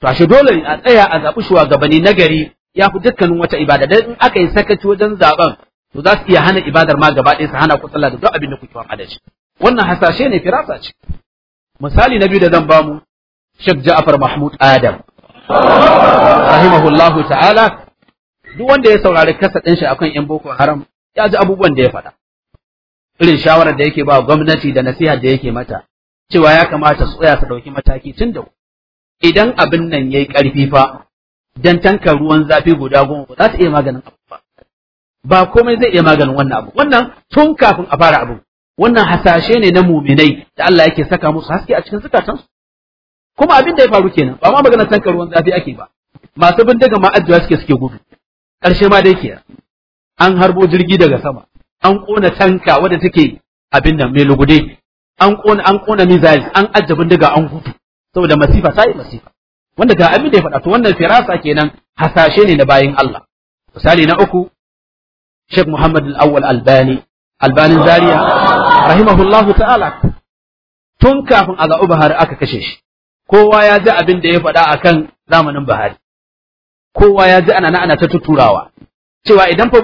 [SPEAKER 2] to ashe dole a tsaya a zaɓi shugabanni nagari gari ya fi dukkanin wata ibada don in aka yi sakaci wajen zaben to za su iya hana ibadar ma gaba ɗaya su hana ku sallah da duk abin da kuke wani da shi wannan hasashe ne firasa ce misali na biyu da zan bamu Sheikh Ja'far Mahmud Adam rahimahullahu ta'ala duk wanda ya saurari kasa ɗin shi akan yan boko haram ya ji abubuwan da ya faɗa irin shawarar da yake ba gwamnati da nasiha da yake mata cewa ya kamata su tsaya su ɗauki mataki tun da idan abin nan ya yi ƙarfi fa dan tanka ruwan zafi guda goma ba za ta iya maganin abu ba ba komai zai iya maganin wannan abu wannan tun kafin a fara abu wannan hasashe ne na muminai da Allah yake saka musu haske a cikin zukatansu kuma abin da ya faru kenan ba ma maganar tanka ruwan zafi ake ba masu bindiga ma ajiya suke suke gudu ƙarshe ma dai kenan an harbo jirgi daga sama an kona tanka wadda take abin nan mai lugude an kona an kona missiles an ajja bindiga an hutu saboda masifa sai masifa wanda ga abin da ya faɗa to wannan firasa kenan hasashe ne na bayin Allah misali na uku Sheikh Muhammad al-Awwal Albani Albani Zaria rahimahullahu ta'ala tun kafin a zaɓi Buhari aka kashe shi kowa ya ji abin da ya faɗa akan zamanin Buhari kowa ya ji ana ana ta tuturawa cewa idan fa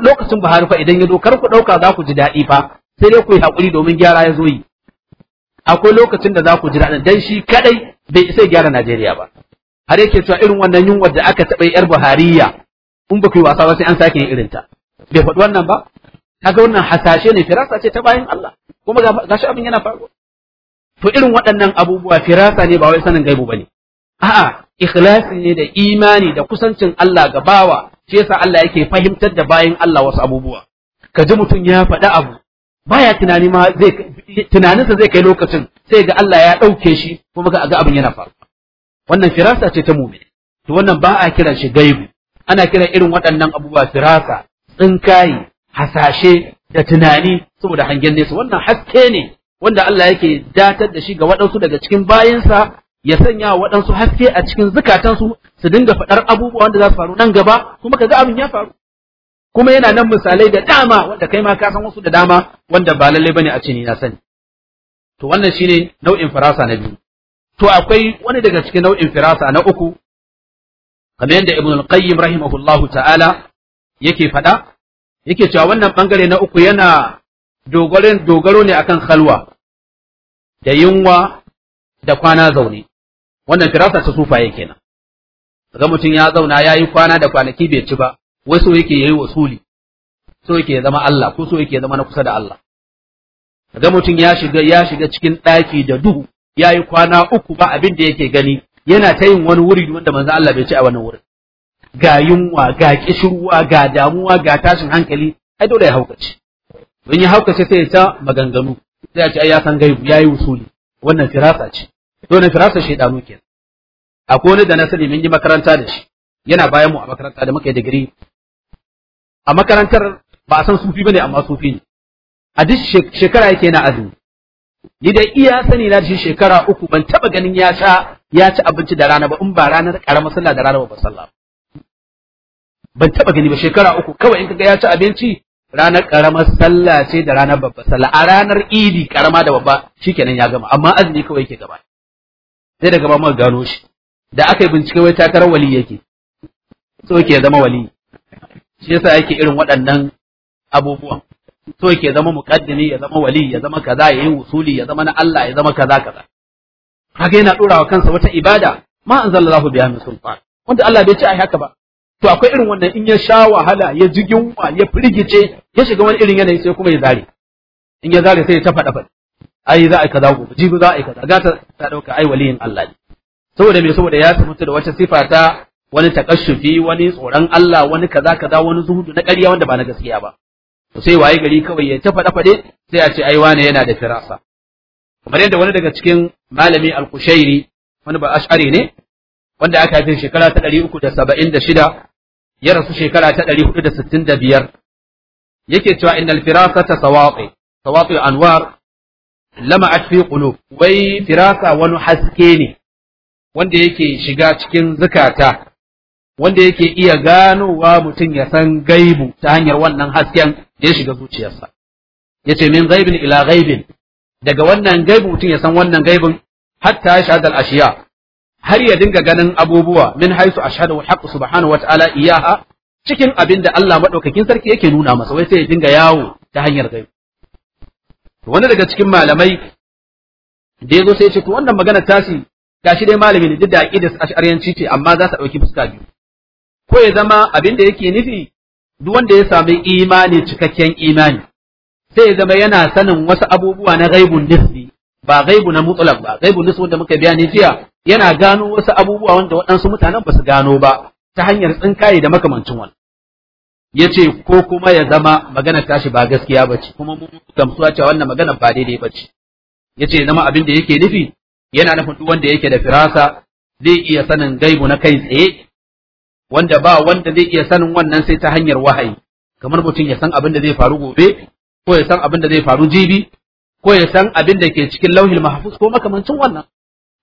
[SPEAKER 2] lokacin Buhari fa idan ya zo kar ku dauka za ku ji daɗi fa sai dai ku yi hakuri domin gyara ya zo yi akwai lokacin da za ku ji daɗi dan shi kadai bai isa gyara Najeriya ba har yake cewa irin wannan yunwar da aka taɓa yar Buhariya in ba ku yi wasa ba sai an sake yin irin ta bai faɗi wannan ba kaga wannan hasashe ne firasa ce ta bayan Allah kuma ga shi abin yana faruwa to irin waɗannan abubuwa firasa ne ba wai sanin gaibu bane a'a ikhlasi ne da imani da kusancin Allah ga bawa shi yasa Allah yake fahimtar da bayan Allah wasu abubuwa ka ji mutum ya faɗi abu baya tunani ma zai tunaninsa zai kai lokacin sai ga Allah ya ɗauke shi kuma ga abin yana faruwa wannan firasa ce ta mumin to wannan ba a kiran shi gaibu ana kiran irin waɗannan abubuwa firasa tsinkayi hasashe da tunani saboda hangen nesa wannan haske ne wanda Allah yake datar da shi ga waɗansu daga cikin bayinsa ya sanya waɗansu haske a cikin zukatansu su dinga faɗar abubuwa wanda za su faru nan gaba kuma kaga abin ya faru kuma yana nan misalai da dama wanda kai ma ka san wasu da dama wanda ba lallai bane a ce ni na sani to wannan shine nau'in firasa na biyu to akwai wani daga cikin nau'in firasa na uku kamar yadda ibn al-qayyim rahimahullahu ta'ala yake faɗa yake cewa wannan bangare na uku yana dogaro ne akan khalwa da yunwa da kwana zaune wannan firasa ta sufaye kenan ga mutum ya zauna ya yi kwana da kwanaki bai ci ba wasu yake yayi wasuli so yake zama Allah ko so yake zama na kusa da Allah ga mutum ya shiga ya shiga cikin ɗaki da duhu ya yi kwana uku ba abin da yake gani yana ta yin wani wuri wanda manzo Allah bai ci a wannan wurin ga yunwa ga kishirwa ga damuwa ga tashin hankali ai dole ya haukace in ya haukace sai ya ta maganganu sai ya ce ai ya san gaibu yi wasuli, wannan firasa ce to ne firasa shaidanu kenan akwai wani da na sani mun yi makaranta da shi yana bayan mu a makaranta da muka yi digiri a makarantar ba a san sufi bane amma sufi ne a duk shekara yake yana azumi ni da iya sani na shi shekara uku ban taba ganin ya sha ya ci abinci da rana ba in ba ranar karamar sallah da rana ba sallah ban taba gani ba shekara uku kawai in kaga ya ci abinci ranar karamar sallah ce da ranar babbar sallah a ranar idi karama da babba shikenan ya gama amma azumi kawai yake gaba sai daga ba muka gano shi da aka yi bincike wai takarar wali yake so yake zama wali shi yasa yake irin waɗannan abubuwan so yake zama muqaddimi ya zama wali ya zama kaza ya yi usuli ya zama na Allah ya zama kaza kaza haka yana wa kansa wata ibada ma an anzalallahu biya min sulfa wanda Allah bai ce ai haka ba to akwai irin wannan in ya sha wahala ya jigin wa, ya firgice ya shiga wani irin yanayi sai kuma ya zare in ya zare sai ya ta dafa. ai za a yi kaza gobe jibi za a yi kaza gata ta dauka ai waliyin Allah ne saboda me saboda ya samu da wata sifa ta wani takashufi wani tsoron Allah wani kaza kaza wani zuhudu na ƙarya wanda ba na gaskiya ba to sai waye gari kawai ya ta fada faɗe sai a ce ai wane yana da firasa kamar yadda wani daga cikin malami al-kushairi wani ba ash'ari ne wanda aka haife shekara ta ɗari uku da saba'in da shida ya rasu shekara ta ɗari da sittin da biyar yake cewa innal firasata ta sawaƙi anwar Lama fi qulub wai firasa wani haske ne wanda yake shiga cikin zukata wanda yake iya ganowa mutum ya san gaibu ta hanyar wannan hasken da ya shiga zuciyarsa yace min gaibin ila gaibin daga wannan gaibu mutum ya san wannan gaibin hatta ya shahada ashiya har ya dinga ganin abubuwa min haisu ashhadu haqqu subhanahu ta'ala iyaha cikin abin da Allah madaukakin sarki yake nuna masa wai sai ya dinga yawo ta hanyar gaibu wani daga cikin malamai da ya zo sai ce to wannan magana tasi gashi dai malami ne duk da aqidar ash'ariyanci ce amma za su dauki fuska biyu ko ya zama abin da yake nufi duk wanda ya sami imani cikakken imani sai ya zama yana sanin wasu abubuwa na ghaibun nisbi ba ghaibu na mutlaq ba ghaibun nisbi wanda muka bayani jiya yana gano wasu abubuwa wanda waɗansu mutanen ba su gano ba ta hanyar tsinkaye da makamancin wani Ya ce ko kuma ya zama magana tashi ba gaskiya bace kuma mun gamsuwa cewa wannan magana ba daidai ba bace yace zama abin da yake nufi yana nufin duk wanda yake da firasa zai iya sanin gaibu na kai tsaye wanda ba wanda zai iya sanin wannan sai ta hanyar wahayi kamar mutum ya san abin da zai faru gobe ko ya san abin da zai faru jibi ko ya san abin da ke cikin lauhil mahfuz ko makamancin wannan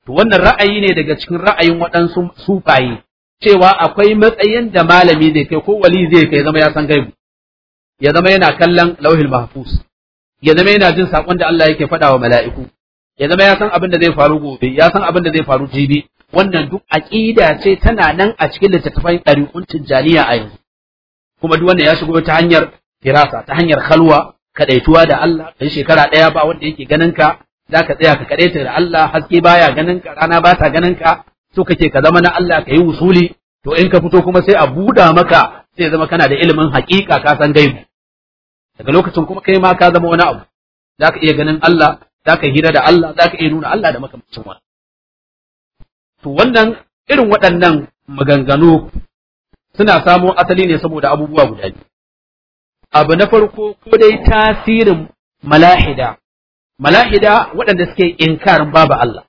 [SPEAKER 2] to wannan ra'ayi ne daga cikin ra'ayin waɗansu sufaye cewa akwai matsayin da malami zai kai ko wali zai kai zama ya san gaibu ya zama yana kallon lauhil mahfuz ya zama yana jin sakon da Allah yake faɗa wa mala'iku ya zama ya san abin da zai faru gobe ya san abin da zai faru jibi wannan duk aqida ce tana nan a cikin littattafan ɗariƙun janiya a yanzu kuma duk wanda ya shigo ta hanyar firasa ta hanyar khalwa kadaituwa da Allah dan shekara ɗaya ba wanda yake ganin ka zaka tsaya ka kadaita da Allah haske baya ganin ka rana ba ta ganin ka so kake ka zama na Allah ka yi wusuli to in ka fito kuma sai a buɗa maka sai zama kana da ilimin haƙiƙa ka san gaibu daga lokacin kuma kai ma ka zama wani abu za ka iya ganin Allah za ka hira da Allah za ka iya nuna Allah da maka wani to wannan irin waɗannan maganganu suna samo asali ne saboda abubuwa guda biyu abu na farko ko dai tasirin malahida malahida waɗanda suke inkarin babu Allah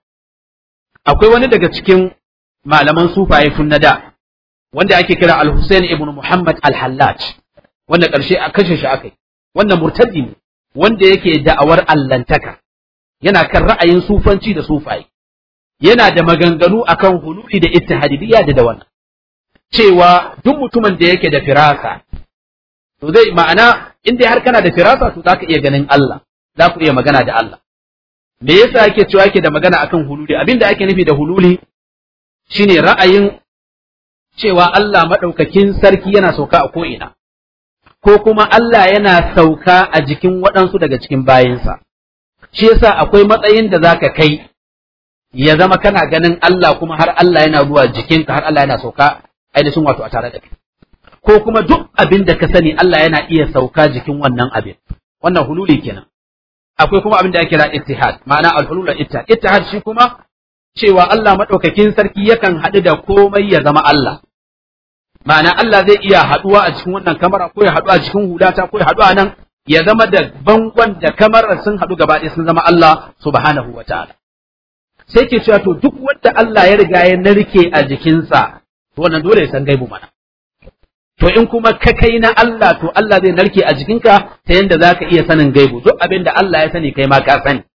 [SPEAKER 2] akwai wani daga cikin malaman sufaye tun na da wanda ake kira al-Husayn ibn Muhammad al-Hallaj wanda ƙarshe a kashe shi akai wanda murtadi ne wanda yake da'awar allantaka yana kan ra'ayin sufanci da sufaye yana da maganganu akan hulu'i da ittihadiyya da dawana cewa duk mutumin da yake da firasa to zai ma'ana dai har kana da firasa to zaka iya ganin Allah za ku iya magana da Allah me yasa yake cewa yake da magana akan hululi abinda ake nufi da hululi shine ra'ayin cewa Allah maɗaukakin sarki yana sauka a ko'ina, ko kuma Allah yana sauka a jikin waɗansu daga cikin bayansa, shi yasa akwai matsayin da za ka kai ya zama kana ganin Allah kuma har Allah yana zuwa jikinka har Allah yana sauka ainihin wato a tare da kai. Ko kuma duk abin da ka sani Allah yana iya sauka jikin wannan abin, wannan hululi kenan. Akwai kuma abin da ya kira ittihad, ma'ana al-hulul ittihad, ittihad shi kuma cewa Allah maɗaukakin sarki yakan haɗu da komai ya zama Allah ma'ana Allah zai iya haɗuwa a cikin wannan kamara ko ya haɗu a cikin hudata, ko ya haɗu a nan ya zama da bangon da kamara sun haɗu gaba ɗaya sun zama Allah subhanahu wa ta'ala sai ke cewa to duk wanda Allah ya riga ya narke a jikinsa to wannan dole ya san gaibu mana to in kuma ka kai na Allah to Allah zai narke a jikinka ta yadda za ka iya sanin gaibu duk abin da Allah ya sani kai ma ka sani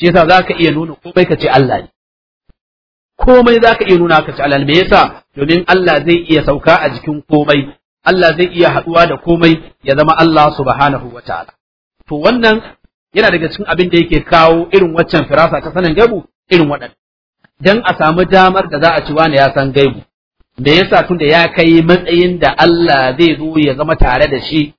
[SPEAKER 2] shi yasa zaka iya nuna komai ka ce Allah ne komai zaka iya nuna ka ce Allah me yasa domin Allah zai iya sauka a jikin komai Allah zai iya haɗuwa da komai ya zama Allah subhanahu wa ta'ala. To wannan yana daga cikin abin da yake kawo irin waccan firasa ta sanin gaibu irin waɗanda Don a samu damar da za a ci wani ya san gaibu, me yasa tun da ya kai matsayin da Allah zai zo ya zama tare da shi,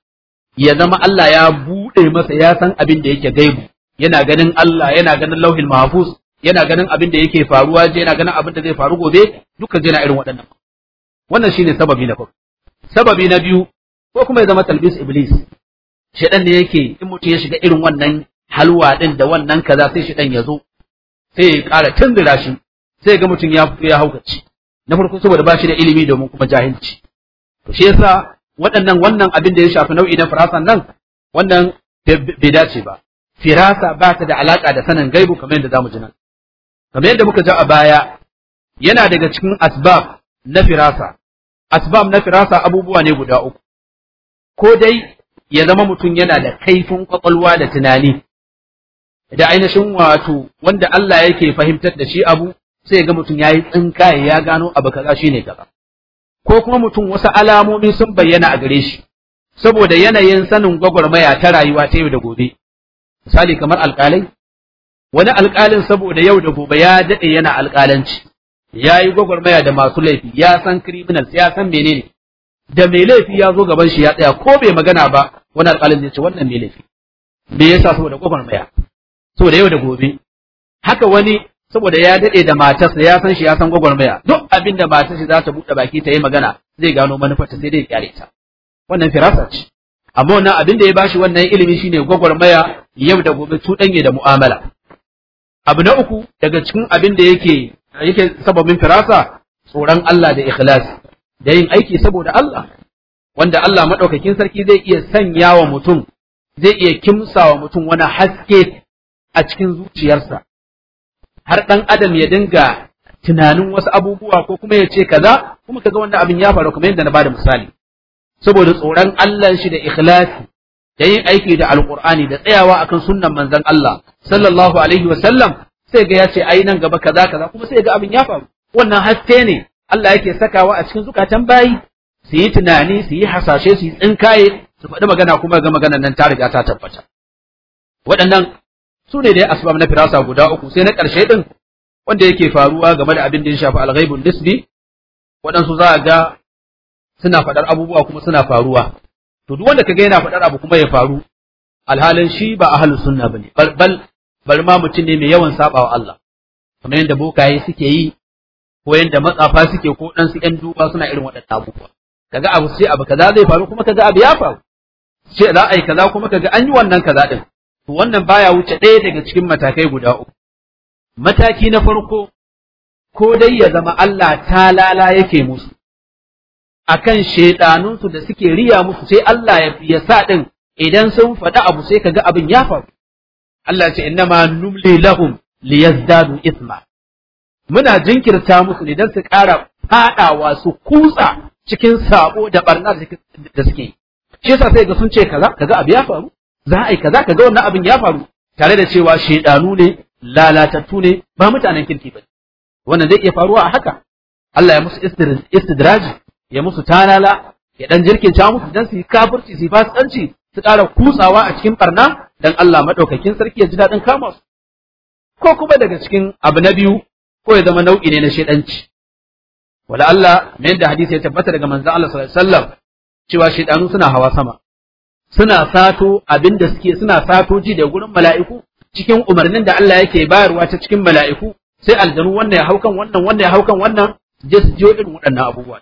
[SPEAKER 2] ya zama Allah ya buɗe masa ya san abin da yake gaibu, yana ganin Allah yana ganin lauhin mahfuz yana ganin abin da yake faruwa je yana ganin abin da zai faru gobe duka je na irin waɗannan wannan shine sababi na farko sababi na biyu ko kuma ya zama talbis iblis shedan ne yake in mutum ya shiga irin wannan halwa din da wannan kaza sai shedan ya zo sai ya ƙara tundura shi sai ga mutum ya ya haukace na farko saboda ba shi da ilimi domin kuma jahilci to shi yasa waɗannan wannan abin da ya shafi nau'i na farasan nan wannan bai dace ba firasa ba ta da alaƙa da sanin gaibu kamar yadda zamu ji nan kamar yadda muka ji a baya yana daga cikin asbab na firasa asbab na firasa abubuwa ne guda uku ko dai ya zama mutum yana da kaifin kwakwalwa da tunani da ainihin wato wanda Allah yake fahimtar da shi abu sai ga mutum ya yi tsinkaye ya gano abu kaza ne kaza ko kuma mutum wasu alamomi sun bayyana a gare shi saboda yanayin sanin gwagwarmaya ta rayuwa ta yau da gobe misali kamar alƙalai wani alƙalin saboda yau da gobe ya daɗe yana alƙalanci ya yi gwagwarmaya da masu laifi ya san criminals ya san menene da mai laifi ya zo gaban shi ya tsaya ko bai magana ba wani alƙalin zai ce wannan mai laifi me yasa saboda gwagwarmaya saboda yau da gobe haka wani saboda ya daɗe da matarsa ya san shi ya san gwagwarmaya duk abin da matar shi za ta buɗe baki ta yi magana zai gano manufarta sai dai ya ta wannan firasa ce amma wannan abin da ya bashi wannan ilimi shine gwagwarmaya yau da gobe cuɗanye da mu'amala abu na uku daga cikin abin da yake yake sababin firasa tsoron Allah da ikhlas da yin aiki saboda Allah wanda Allah madaukakin sarki zai iya sanya wa mutum zai iya kimsa wa mutum wani haske a cikin zuciyarsa har ɗan adam ya dinga tunanin wasu abubuwa ko kuma ya ce kaza kuma kaga wanda abin ya faru kamar yadda na bada misali saboda tsoron Allah shi da ikhlasi da yin aiki da alkur'ani da tsayawa akan sunnan manzon Allah sallallahu alaihi wa sallam sai ga ya ce ai nan gaba kaza kaza kuma sai ga abin ya faru wannan haske ne Allah yake sakawa a cikin zukatan bayi su yi tunani su yi hasashe su yi tsinkaye su faɗi magana kuma ga maganar nan ta riga ta tabbata waɗannan su ne dai asbab na firasa guda uku sai na ƙarshe ɗin wanda yake faruwa game da abin da ya shafi alghaibun nisbi waɗansu za a ga suna faɗar abubuwa kuma suna faruwa to duk wanda kaga yana faɗar abu kuma ya faru alhalin shi ba ahlus sunna bane bal bal ma mutum ne mai yawan sabawa Allah kamar yadda bokaye suke yi ko yadda matsafa suke ko dan su yan duba suna irin waɗannan abubuwa kaga abu sai abu kaza zai faru kuma kaga abu ya faru sai za a yi kaza kuma kaga an yi wannan kaza din to wannan baya wuce ɗaya daga cikin matakai guda uku mataki na farko ko dai ya zama Allah ta lala yake musu akan shaidanunsu da suke riya musu sai Allah ya sa din idan sun faɗi abu sai kaga abin ya faru Allah ce ma numli lahum liyazdadu isma muna jinkirta musu idan su ƙara fadawa su kutsa cikin sabo da barna da suke shi yasa sai ga sun ce kaza kaga abu ya faru za a yi kaza kaga wannan abin ya faru tare da cewa shaidanu ne lalatattu ne ba mutanen kirki ba wannan zai iya faruwa a haka Allah ya musu istidraji ya musu tanala ya dan ta musu dan su yi kafirci su yi fasikanci su ƙara kutsawa a cikin barna dan Allah madaukakin sarki ya ji daɗin kama su ko kuma daga cikin abu na biyu ko ya zama nau'i ne na shaidanci wala Allah mai da hadisi ya tabbata daga manzon Allah sallallahu alaihi wasallam cewa shaidanu suna hawa sama suna sato abin da suke suna sato ji da gurin mala'iku cikin umarnin da Allah yake bayarwa ta cikin mala'iku sai aljanu wannan ya haukan wannan wannan ya haukan wannan je su jiyo irin waɗannan abubuwa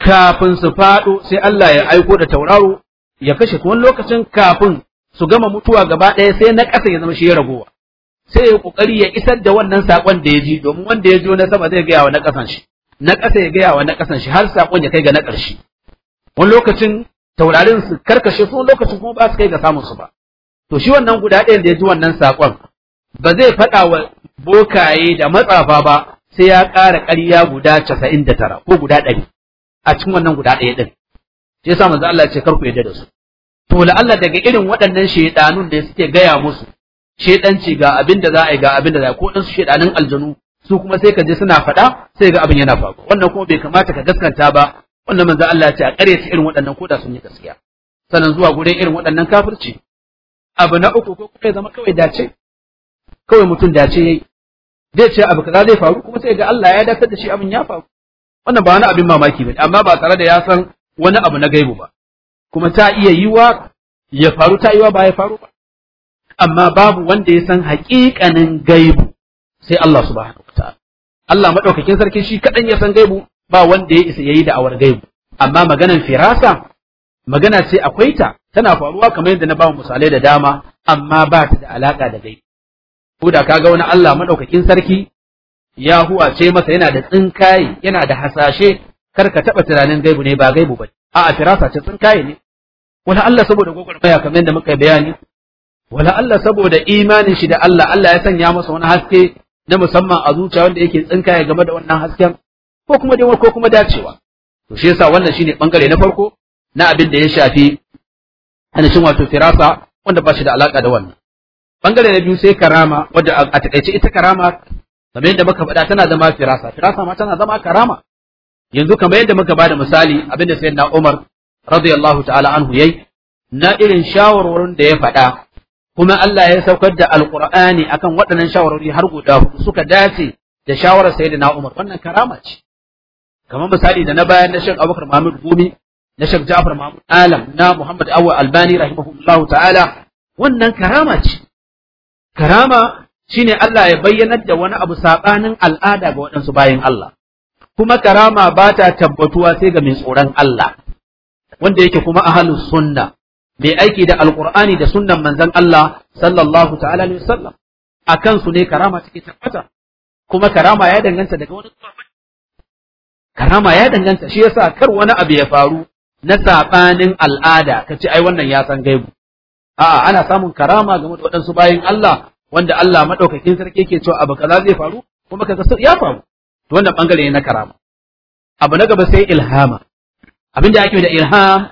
[SPEAKER 2] kafin su faɗo sai Allah ya aiko da tauraro ya kashe ku. wani lokacin kafin su gama mutuwa gaba ɗaya sai na ƙasa ya zama shi ya ragowa sai ya ƙoƙari ya isar da wannan saƙon da ya ji domin wanda ya jo na sama zai gaya wa na ƙasan shi na ƙasa ya gaya wa na ƙasan shi har saƙon ya kai ga na ƙarshe wani lokacin taurarin su karkashe su lokacin kuma ba su kai ga samun su ba to shi wannan guda ɗaya da ya ji wannan saƙon ba zai faɗa wa bokaye da matsafa ba sai ya ƙara ƙarya guda casa'in da tara ko guda ɗari a cikin wannan guda ɗaya ɗin sai yasa manzo Allah ya ce kar ku yarda da su to la'alla daga irin waɗannan shaidanun da suke gaya musu shaidanci ga abin da za a yi ga abin da za a yi ko ɗansu shaidanin aljanu su kuma sai ka je suna faɗa sai ga abin yana faruwa wannan kuma bai kamata ka gaskanta ba wannan manzo Allah ya ce a ƙaryace irin waɗannan ko da sun yi gaskiya sannan zuwa gurin irin waɗannan kafirci abu na uku ko kuma ya zama kawai dace kawai mutum dace yayi zai ce abu kaza zai faru kuma sai ga Allah ya dakatar da shi abin ya faru wannan ba wani abin mamaki ba amma ba tare da ya san wani abu na gaibu ba kuma ta iya yiwa ya faru ta yiwa ba ya faru ba amma babu wanda ya san haƙiƙanin gaibu sai Allah subhanahu wataala Allah madaukakin sarki shi kadan ya san gaibu ba wanda ya isa yayi awar gaibu amma maganar firasa magana ce akwai ta tana faruwa kamar yadda na ba misalai da dama amma ba ta da alaka da gaibu ko da kaga wani Allah madaukakin sarki ya huwa ce masa yana da tsinkaye yana da hasashe kar ka taba tunanin gaibu ne ba gaibu ba a firasa ce tsinkaye ne wala Allah saboda gogormaya kamar yadda muka bayani wala Allah saboda imanin shi da Allah Allah ya sanya masa wani haske na musamman a zuciya wanda yake tsinkaye game da wannan hasken ko kuma dai ko kuma dacewa to shi yasa wannan shine bangare na farko na abin da ya shafi hanashin wato firasa wanda ba shi da alaka da wannan bangare na biyu sai karama wadda a taƙaice ita karama kamar yadda muka faɗa tana zama firasa firasa ma tana zama karama yanzu kamar yadda muka bada misali abinda na Umar radiyallahu ta'ala anhu yayi na irin shawarwarin da ya faɗa kuma Allah ya saukar da alqur'ani akan waɗannan shawarwari har guda hudu suka dace da shawarar sayyidina Umar wannan karama ce kamar misali da na bayan na Sheikh Abubakar Mahmud Gumi na Sheikh Ja'far Mahmud Alam na Muhammad Awwa Albani rahimahullahu ta'ala wannan karama ce karama shine Allah ya bayyanar da wani abu saɓanin al'ada ga waɗansu bayan Allah kuma karama ba ta tabbatuwa sai ga mai tsoron Allah wanda yake kuma a halin sunna mai aiki da alƙur'ani da sunnan manzan Allah sallallahu ta'ala alaihi wasallam a kansu ne karama take tabbata kuma karama ya danganta daga wani karama ya danganta shi yasa kar wani abu ya faru na saɓanin al'ada ka ce ai wannan ya san gaibu a'a ana samun karama game da waɗansu bayan Allah wanda Allah maɗaukakin sarki ke cewa abu kaza zai faru kuma kaga ya faru to wannan bangare ne na karama abu na gaba sai ilhama abin da ake da ilham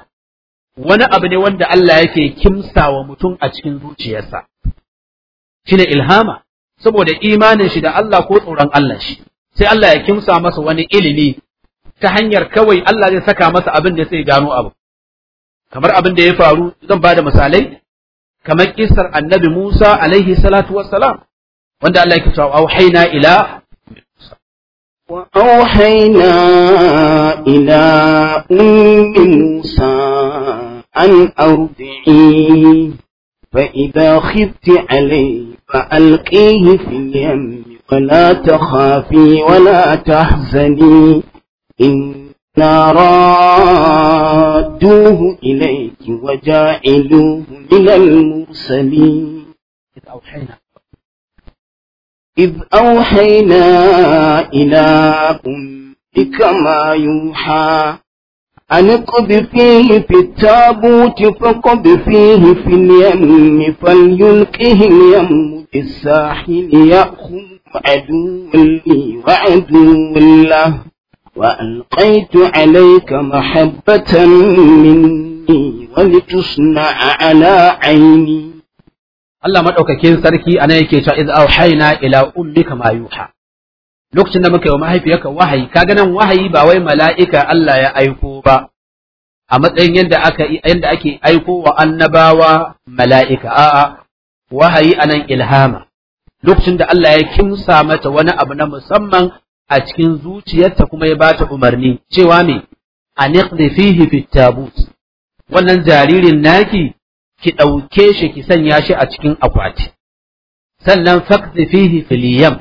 [SPEAKER 2] wani abu ne wanda Allah yake wa mutum a cikin zuciyarsa shine ilhama saboda imanin shi da Allah ko tsoron Allah shi sai Allah ya kimsa masa wani ilimi ta hanyar kawai Allah zai saka masa abin da sai gano abu kamar abin da ya faru zan bada misalai كما kisar النبي موسى عليه الصلاة والسلام wanda الله يكتب أوحينا إلى
[SPEAKER 1] وأوحينا إلى أم موسى أن أرضعيه فإذا خفت عليه فألقيه في اليم ولا تخافي ولا تحزني إنا رادوه إلي وجاعلوه من المرسلين
[SPEAKER 2] إذ أوحينا
[SPEAKER 1] إذ أوحينا إلى أمك ما يوحى أن فيه في التابوت فيه في اليم فليلقه اليم بالساحل يأخذ عدو لي وعدو له وألقيت عليك محبة مني
[SPEAKER 2] ولتصنع على عيني Allah maɗaukakin sarki nan yake cewa iz haina ila ummika kama yuha lokacin da muka yi wa mahaifiyarka wahayi kaga nan wahayi ba wai mala'ika Allah ya aiko ba a matsayin yadda aka yadda ake aiko wa annabawa mala'ika a'a wahayi a nan ilhama lokacin da Allah ya kimsa mata wani abu na musamman a cikin zuciyarta kuma ya bata umarni cewa me aniqdi fihi fit tabut wannan jaririn naki ki ɗauke shi ki sanya shi a cikin akwati sannan fakti fihi filiyam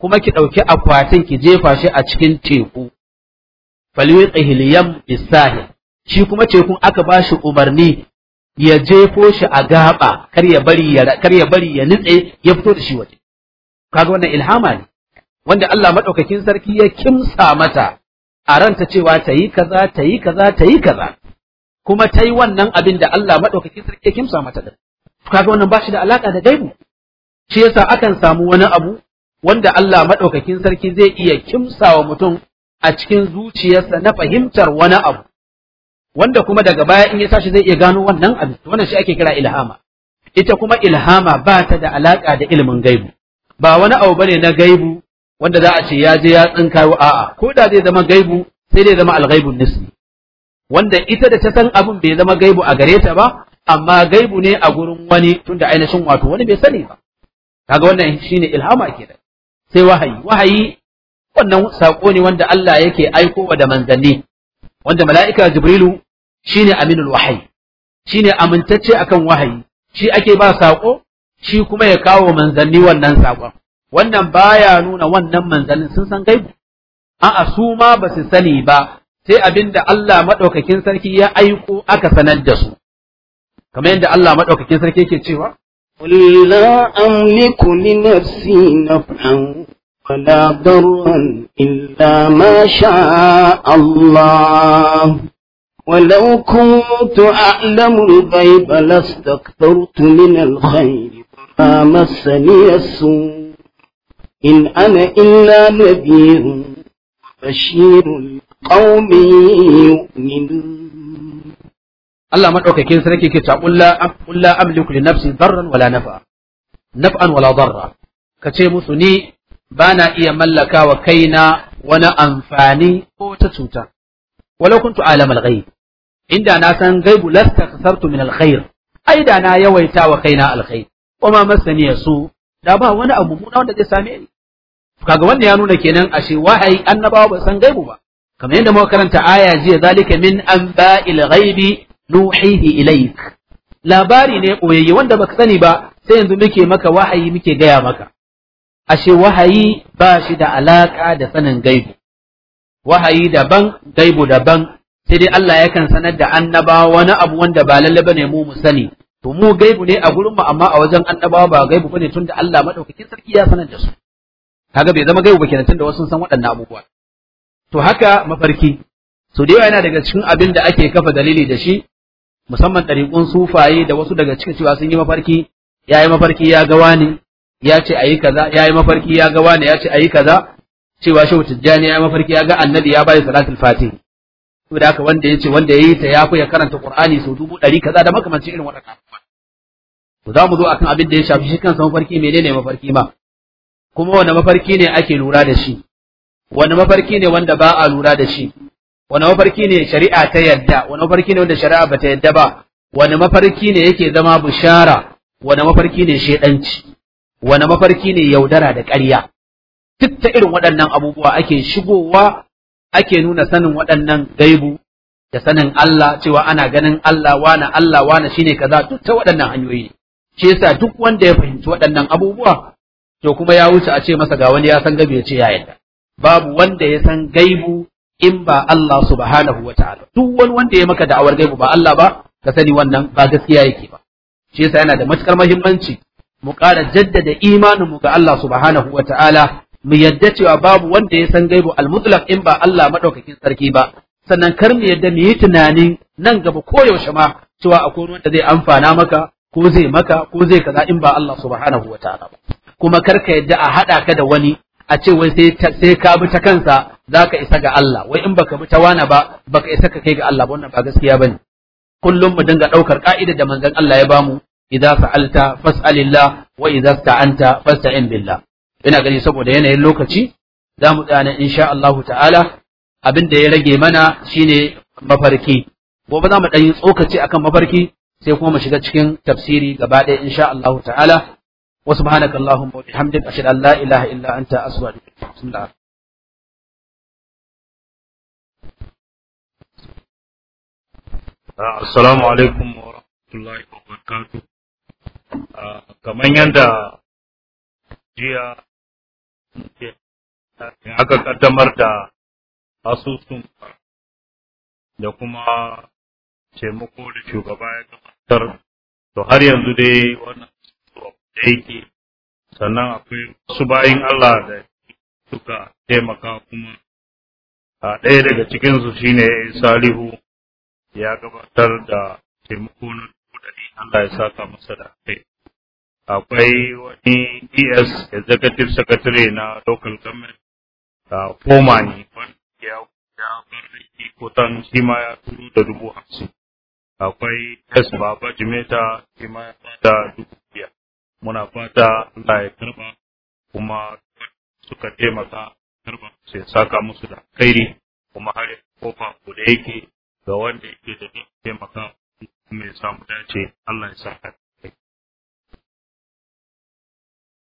[SPEAKER 2] kuma ki ɗauki akwatin ki jefa shi a cikin teku falwiqihi hiliyam isahi shi kuma tekun aka ba shi umarni ya jefo shi a gaɓa, kar ya bari ya kar ya bari ya nitse ya fito da shi waje kaga wannan ilhama ne wanda Allah madaukakin sarki ya kimsa mata a ranta cewa tayi kaza tayi kaza tayi kaza kuma ta yi wannan abin da Allah maɗaukakin sarki ya kimsa mata da kaga wannan ba shi da alaƙa da gaibu shi yasa akan samu wani abu wanda Allah maɗaukakin sarki zai iya kimsa wa mutum a cikin zuciyarsa na fahimtar wani abu wanda kuma daga baya in ya tashi zai iya gano wannan abin wannan shi ake kira ilhama ita kuma ilhama ba ta da alaƙa da ilimin gaibu ba wani abu bane na gaibu wanda za a ce ya je ya tsinkayo a'a ko da zai zama gaibu sai dai zama alghaibun nisbi wanda ita da ta san abin bai zama gaibu a gare ta ba amma gaibu ne a gurin wani tunda ainihin wato wani bai sani ba kaga wannan shine ilhama ke da, sai wahayi wahayi wannan sako ne wanda Allah yake wa da manzanni wanda mala'ika jibrilu shine aminul wahayi shine amintacce akan wahayi shi ake ba sako shi kuma ya kawo manzanni wannan sakon wannan baya nuna wannan manzannin sun san gaibu a'a su ma ba su sani ba sai abinda Allah madaukakin sarki ya aiko aka sanar da su kamar yadda Allah madaukakin sarki yake cewa
[SPEAKER 1] قل لا أملك nafsi naf'an wala darran illa ma شاء Allah ولو كنت أعلم الغيب لاستكثرت من الخير وما مسني السوء إن أنا إلا نذير
[SPEAKER 2] بشير qaumin
[SPEAKER 1] yu'minun
[SPEAKER 2] Allah madaukakin sarki ke ta qulla amliku li nafsi darran wala nafa naf'an wala darra kace musu ni bana iya mallaka wa kaina wani amfani ko ta cuta walau kuntu alamal inda na san gaibu lastakasartu min alkhair ai da na yawaita wa kaina alkhair kuma masani su da ba wani abu muna wanda zai same ni kaga wannan ya nuna kenan ashe wahayi annabawa ba san gaibu ba kamar yadda muka karanta aya jiya zalika min anba'il ghaibi nuhihi ilaik labari ne oyayye wanda baka sani ba sai yanzu muke maka wahayi muke gaya maka ashe wahayi ba shi da alaka da sanin gaibu wahayi daban gaibu daban sai dai Allah yakan sanar da annabawa wani abu wanda ba lalle bane mu mu sani to mu gaibu ne a gurin mu amma a wajen annabawa ba gaibu bane tunda Allah madaukakin sarki ya sanar da su kaga bai zama gaibu ba kenan tunda wasu san waɗannan abubuwa to haka mafarki so da yawa yana daga cikin abin da ake kafa dalili da shi musamman ɗariƙun sufaye da wasu daga cikin cewa sun yi mafarki ya yi mafarki ya ga wani ya ce a yi kaza ya yi mafarki ya ga wani ya ce a yi kaza cewa shehu tijjani ya yi mafarki ya ga annabi ya bayi salatul fatih da haka wanda ya ce wanda ya yi ta ya fi ya karanta qur'ani sau dubu ɗari kaza da makamancin irin waɗannan to za mu zo akan abin da ya shafi shi kansa mafarki menene mafarki ma kuma wanda mafarki ne ake lura da shi wani mafarki ne wanda ba a lura da shi wani mafarki ne shari'a ta yadda wani mafarki ne wanda shari'a ba ta yadda ba wani mafarki ne yake zama bishara wani mafarki ne shaidanci? wani mafarki ne yaudara da ƙarya duk irin waɗannan abubuwa ake shigowa ake nuna sanin waɗannan gaibu da sanin Allah cewa ana ganin Allah wana Allah wana shine kaza duk ta waɗannan hanyoyi ne. shi yasa duk wanda ya fahimci waɗannan abubuwa to kuma ya wuce a ce masa ga wani ya san gabe ya ce ya yadda babu wanda ya san gaibu in ba Allah subhanahu wa ta'ala duk wani wanda ya maka da'awar gaibu ba Allah ba ka sani wannan ba gaskiya yake ba shi yasa yana da matukar muhimmanci mu ƙara jaddada imanin mu ga Allah subhanahu wa ta'ala mu yadda cewa babu wanda ya san gaibu al-mutlaq in ba Allah maɗaukakin sarki ba sannan kar mu yadda mu yi tunanin nan gaba ko yaushe ma cewa akwai wanda zai amfana maka ko zai maka ko zai kaza in ba Allah subhanahu wa ta'ala ba kuma kar ka yadda a haɗa ka da wani a ce wai sai ka bi ta kansa za ka isa ga Allah wai in baka bi ta wani ba baka isa ka kai ga Allah wannan ba gaskiya bane kullum mu dinga daukar ka'ida da manzon Allah ya bamu idza fa'alta fas'alillah wa idza sta'anta fasta'in billah ina gani saboda yanayin lokaci za mu tsaya insha Allah ta'ala abin da ya rage mana shine mafarki gobe za mu dan yi tsokaci akan mafarki sai kuma mu shiga cikin tafsiri gaba ɗaya insha Allah ta'ala وسبحانك اللهم وبحمدك أشهد أن لا إله إلا أنت أستغفرك بسم
[SPEAKER 3] wa rahmatullahi wa barakatuh. Uh, Kamar yadda jiya uh, aka kaddamar da asusun da kuma taimako da shugaba ya gabatar, to har yanzu dai wannan da yake sannan akwai wasu bayin Allah da suka taimaka kuma a ɗaya daga cikinsu shine salihu ya gabatar da taimako na kuɗaɗe Allah ya saka masa da kai akwai wani es executive secretary na local government a former ne wanda ya bar aiki ko tan shi ma ya turo da dubu hamsin akwai s baba jimeta shi ma ya bada dubu muna fata Allah ya karba kuma suka taimaka karba sai saka musu da kairi kuma har kofa ko da yake ga wanda yake da taimaka mai samu dace Allah ya saka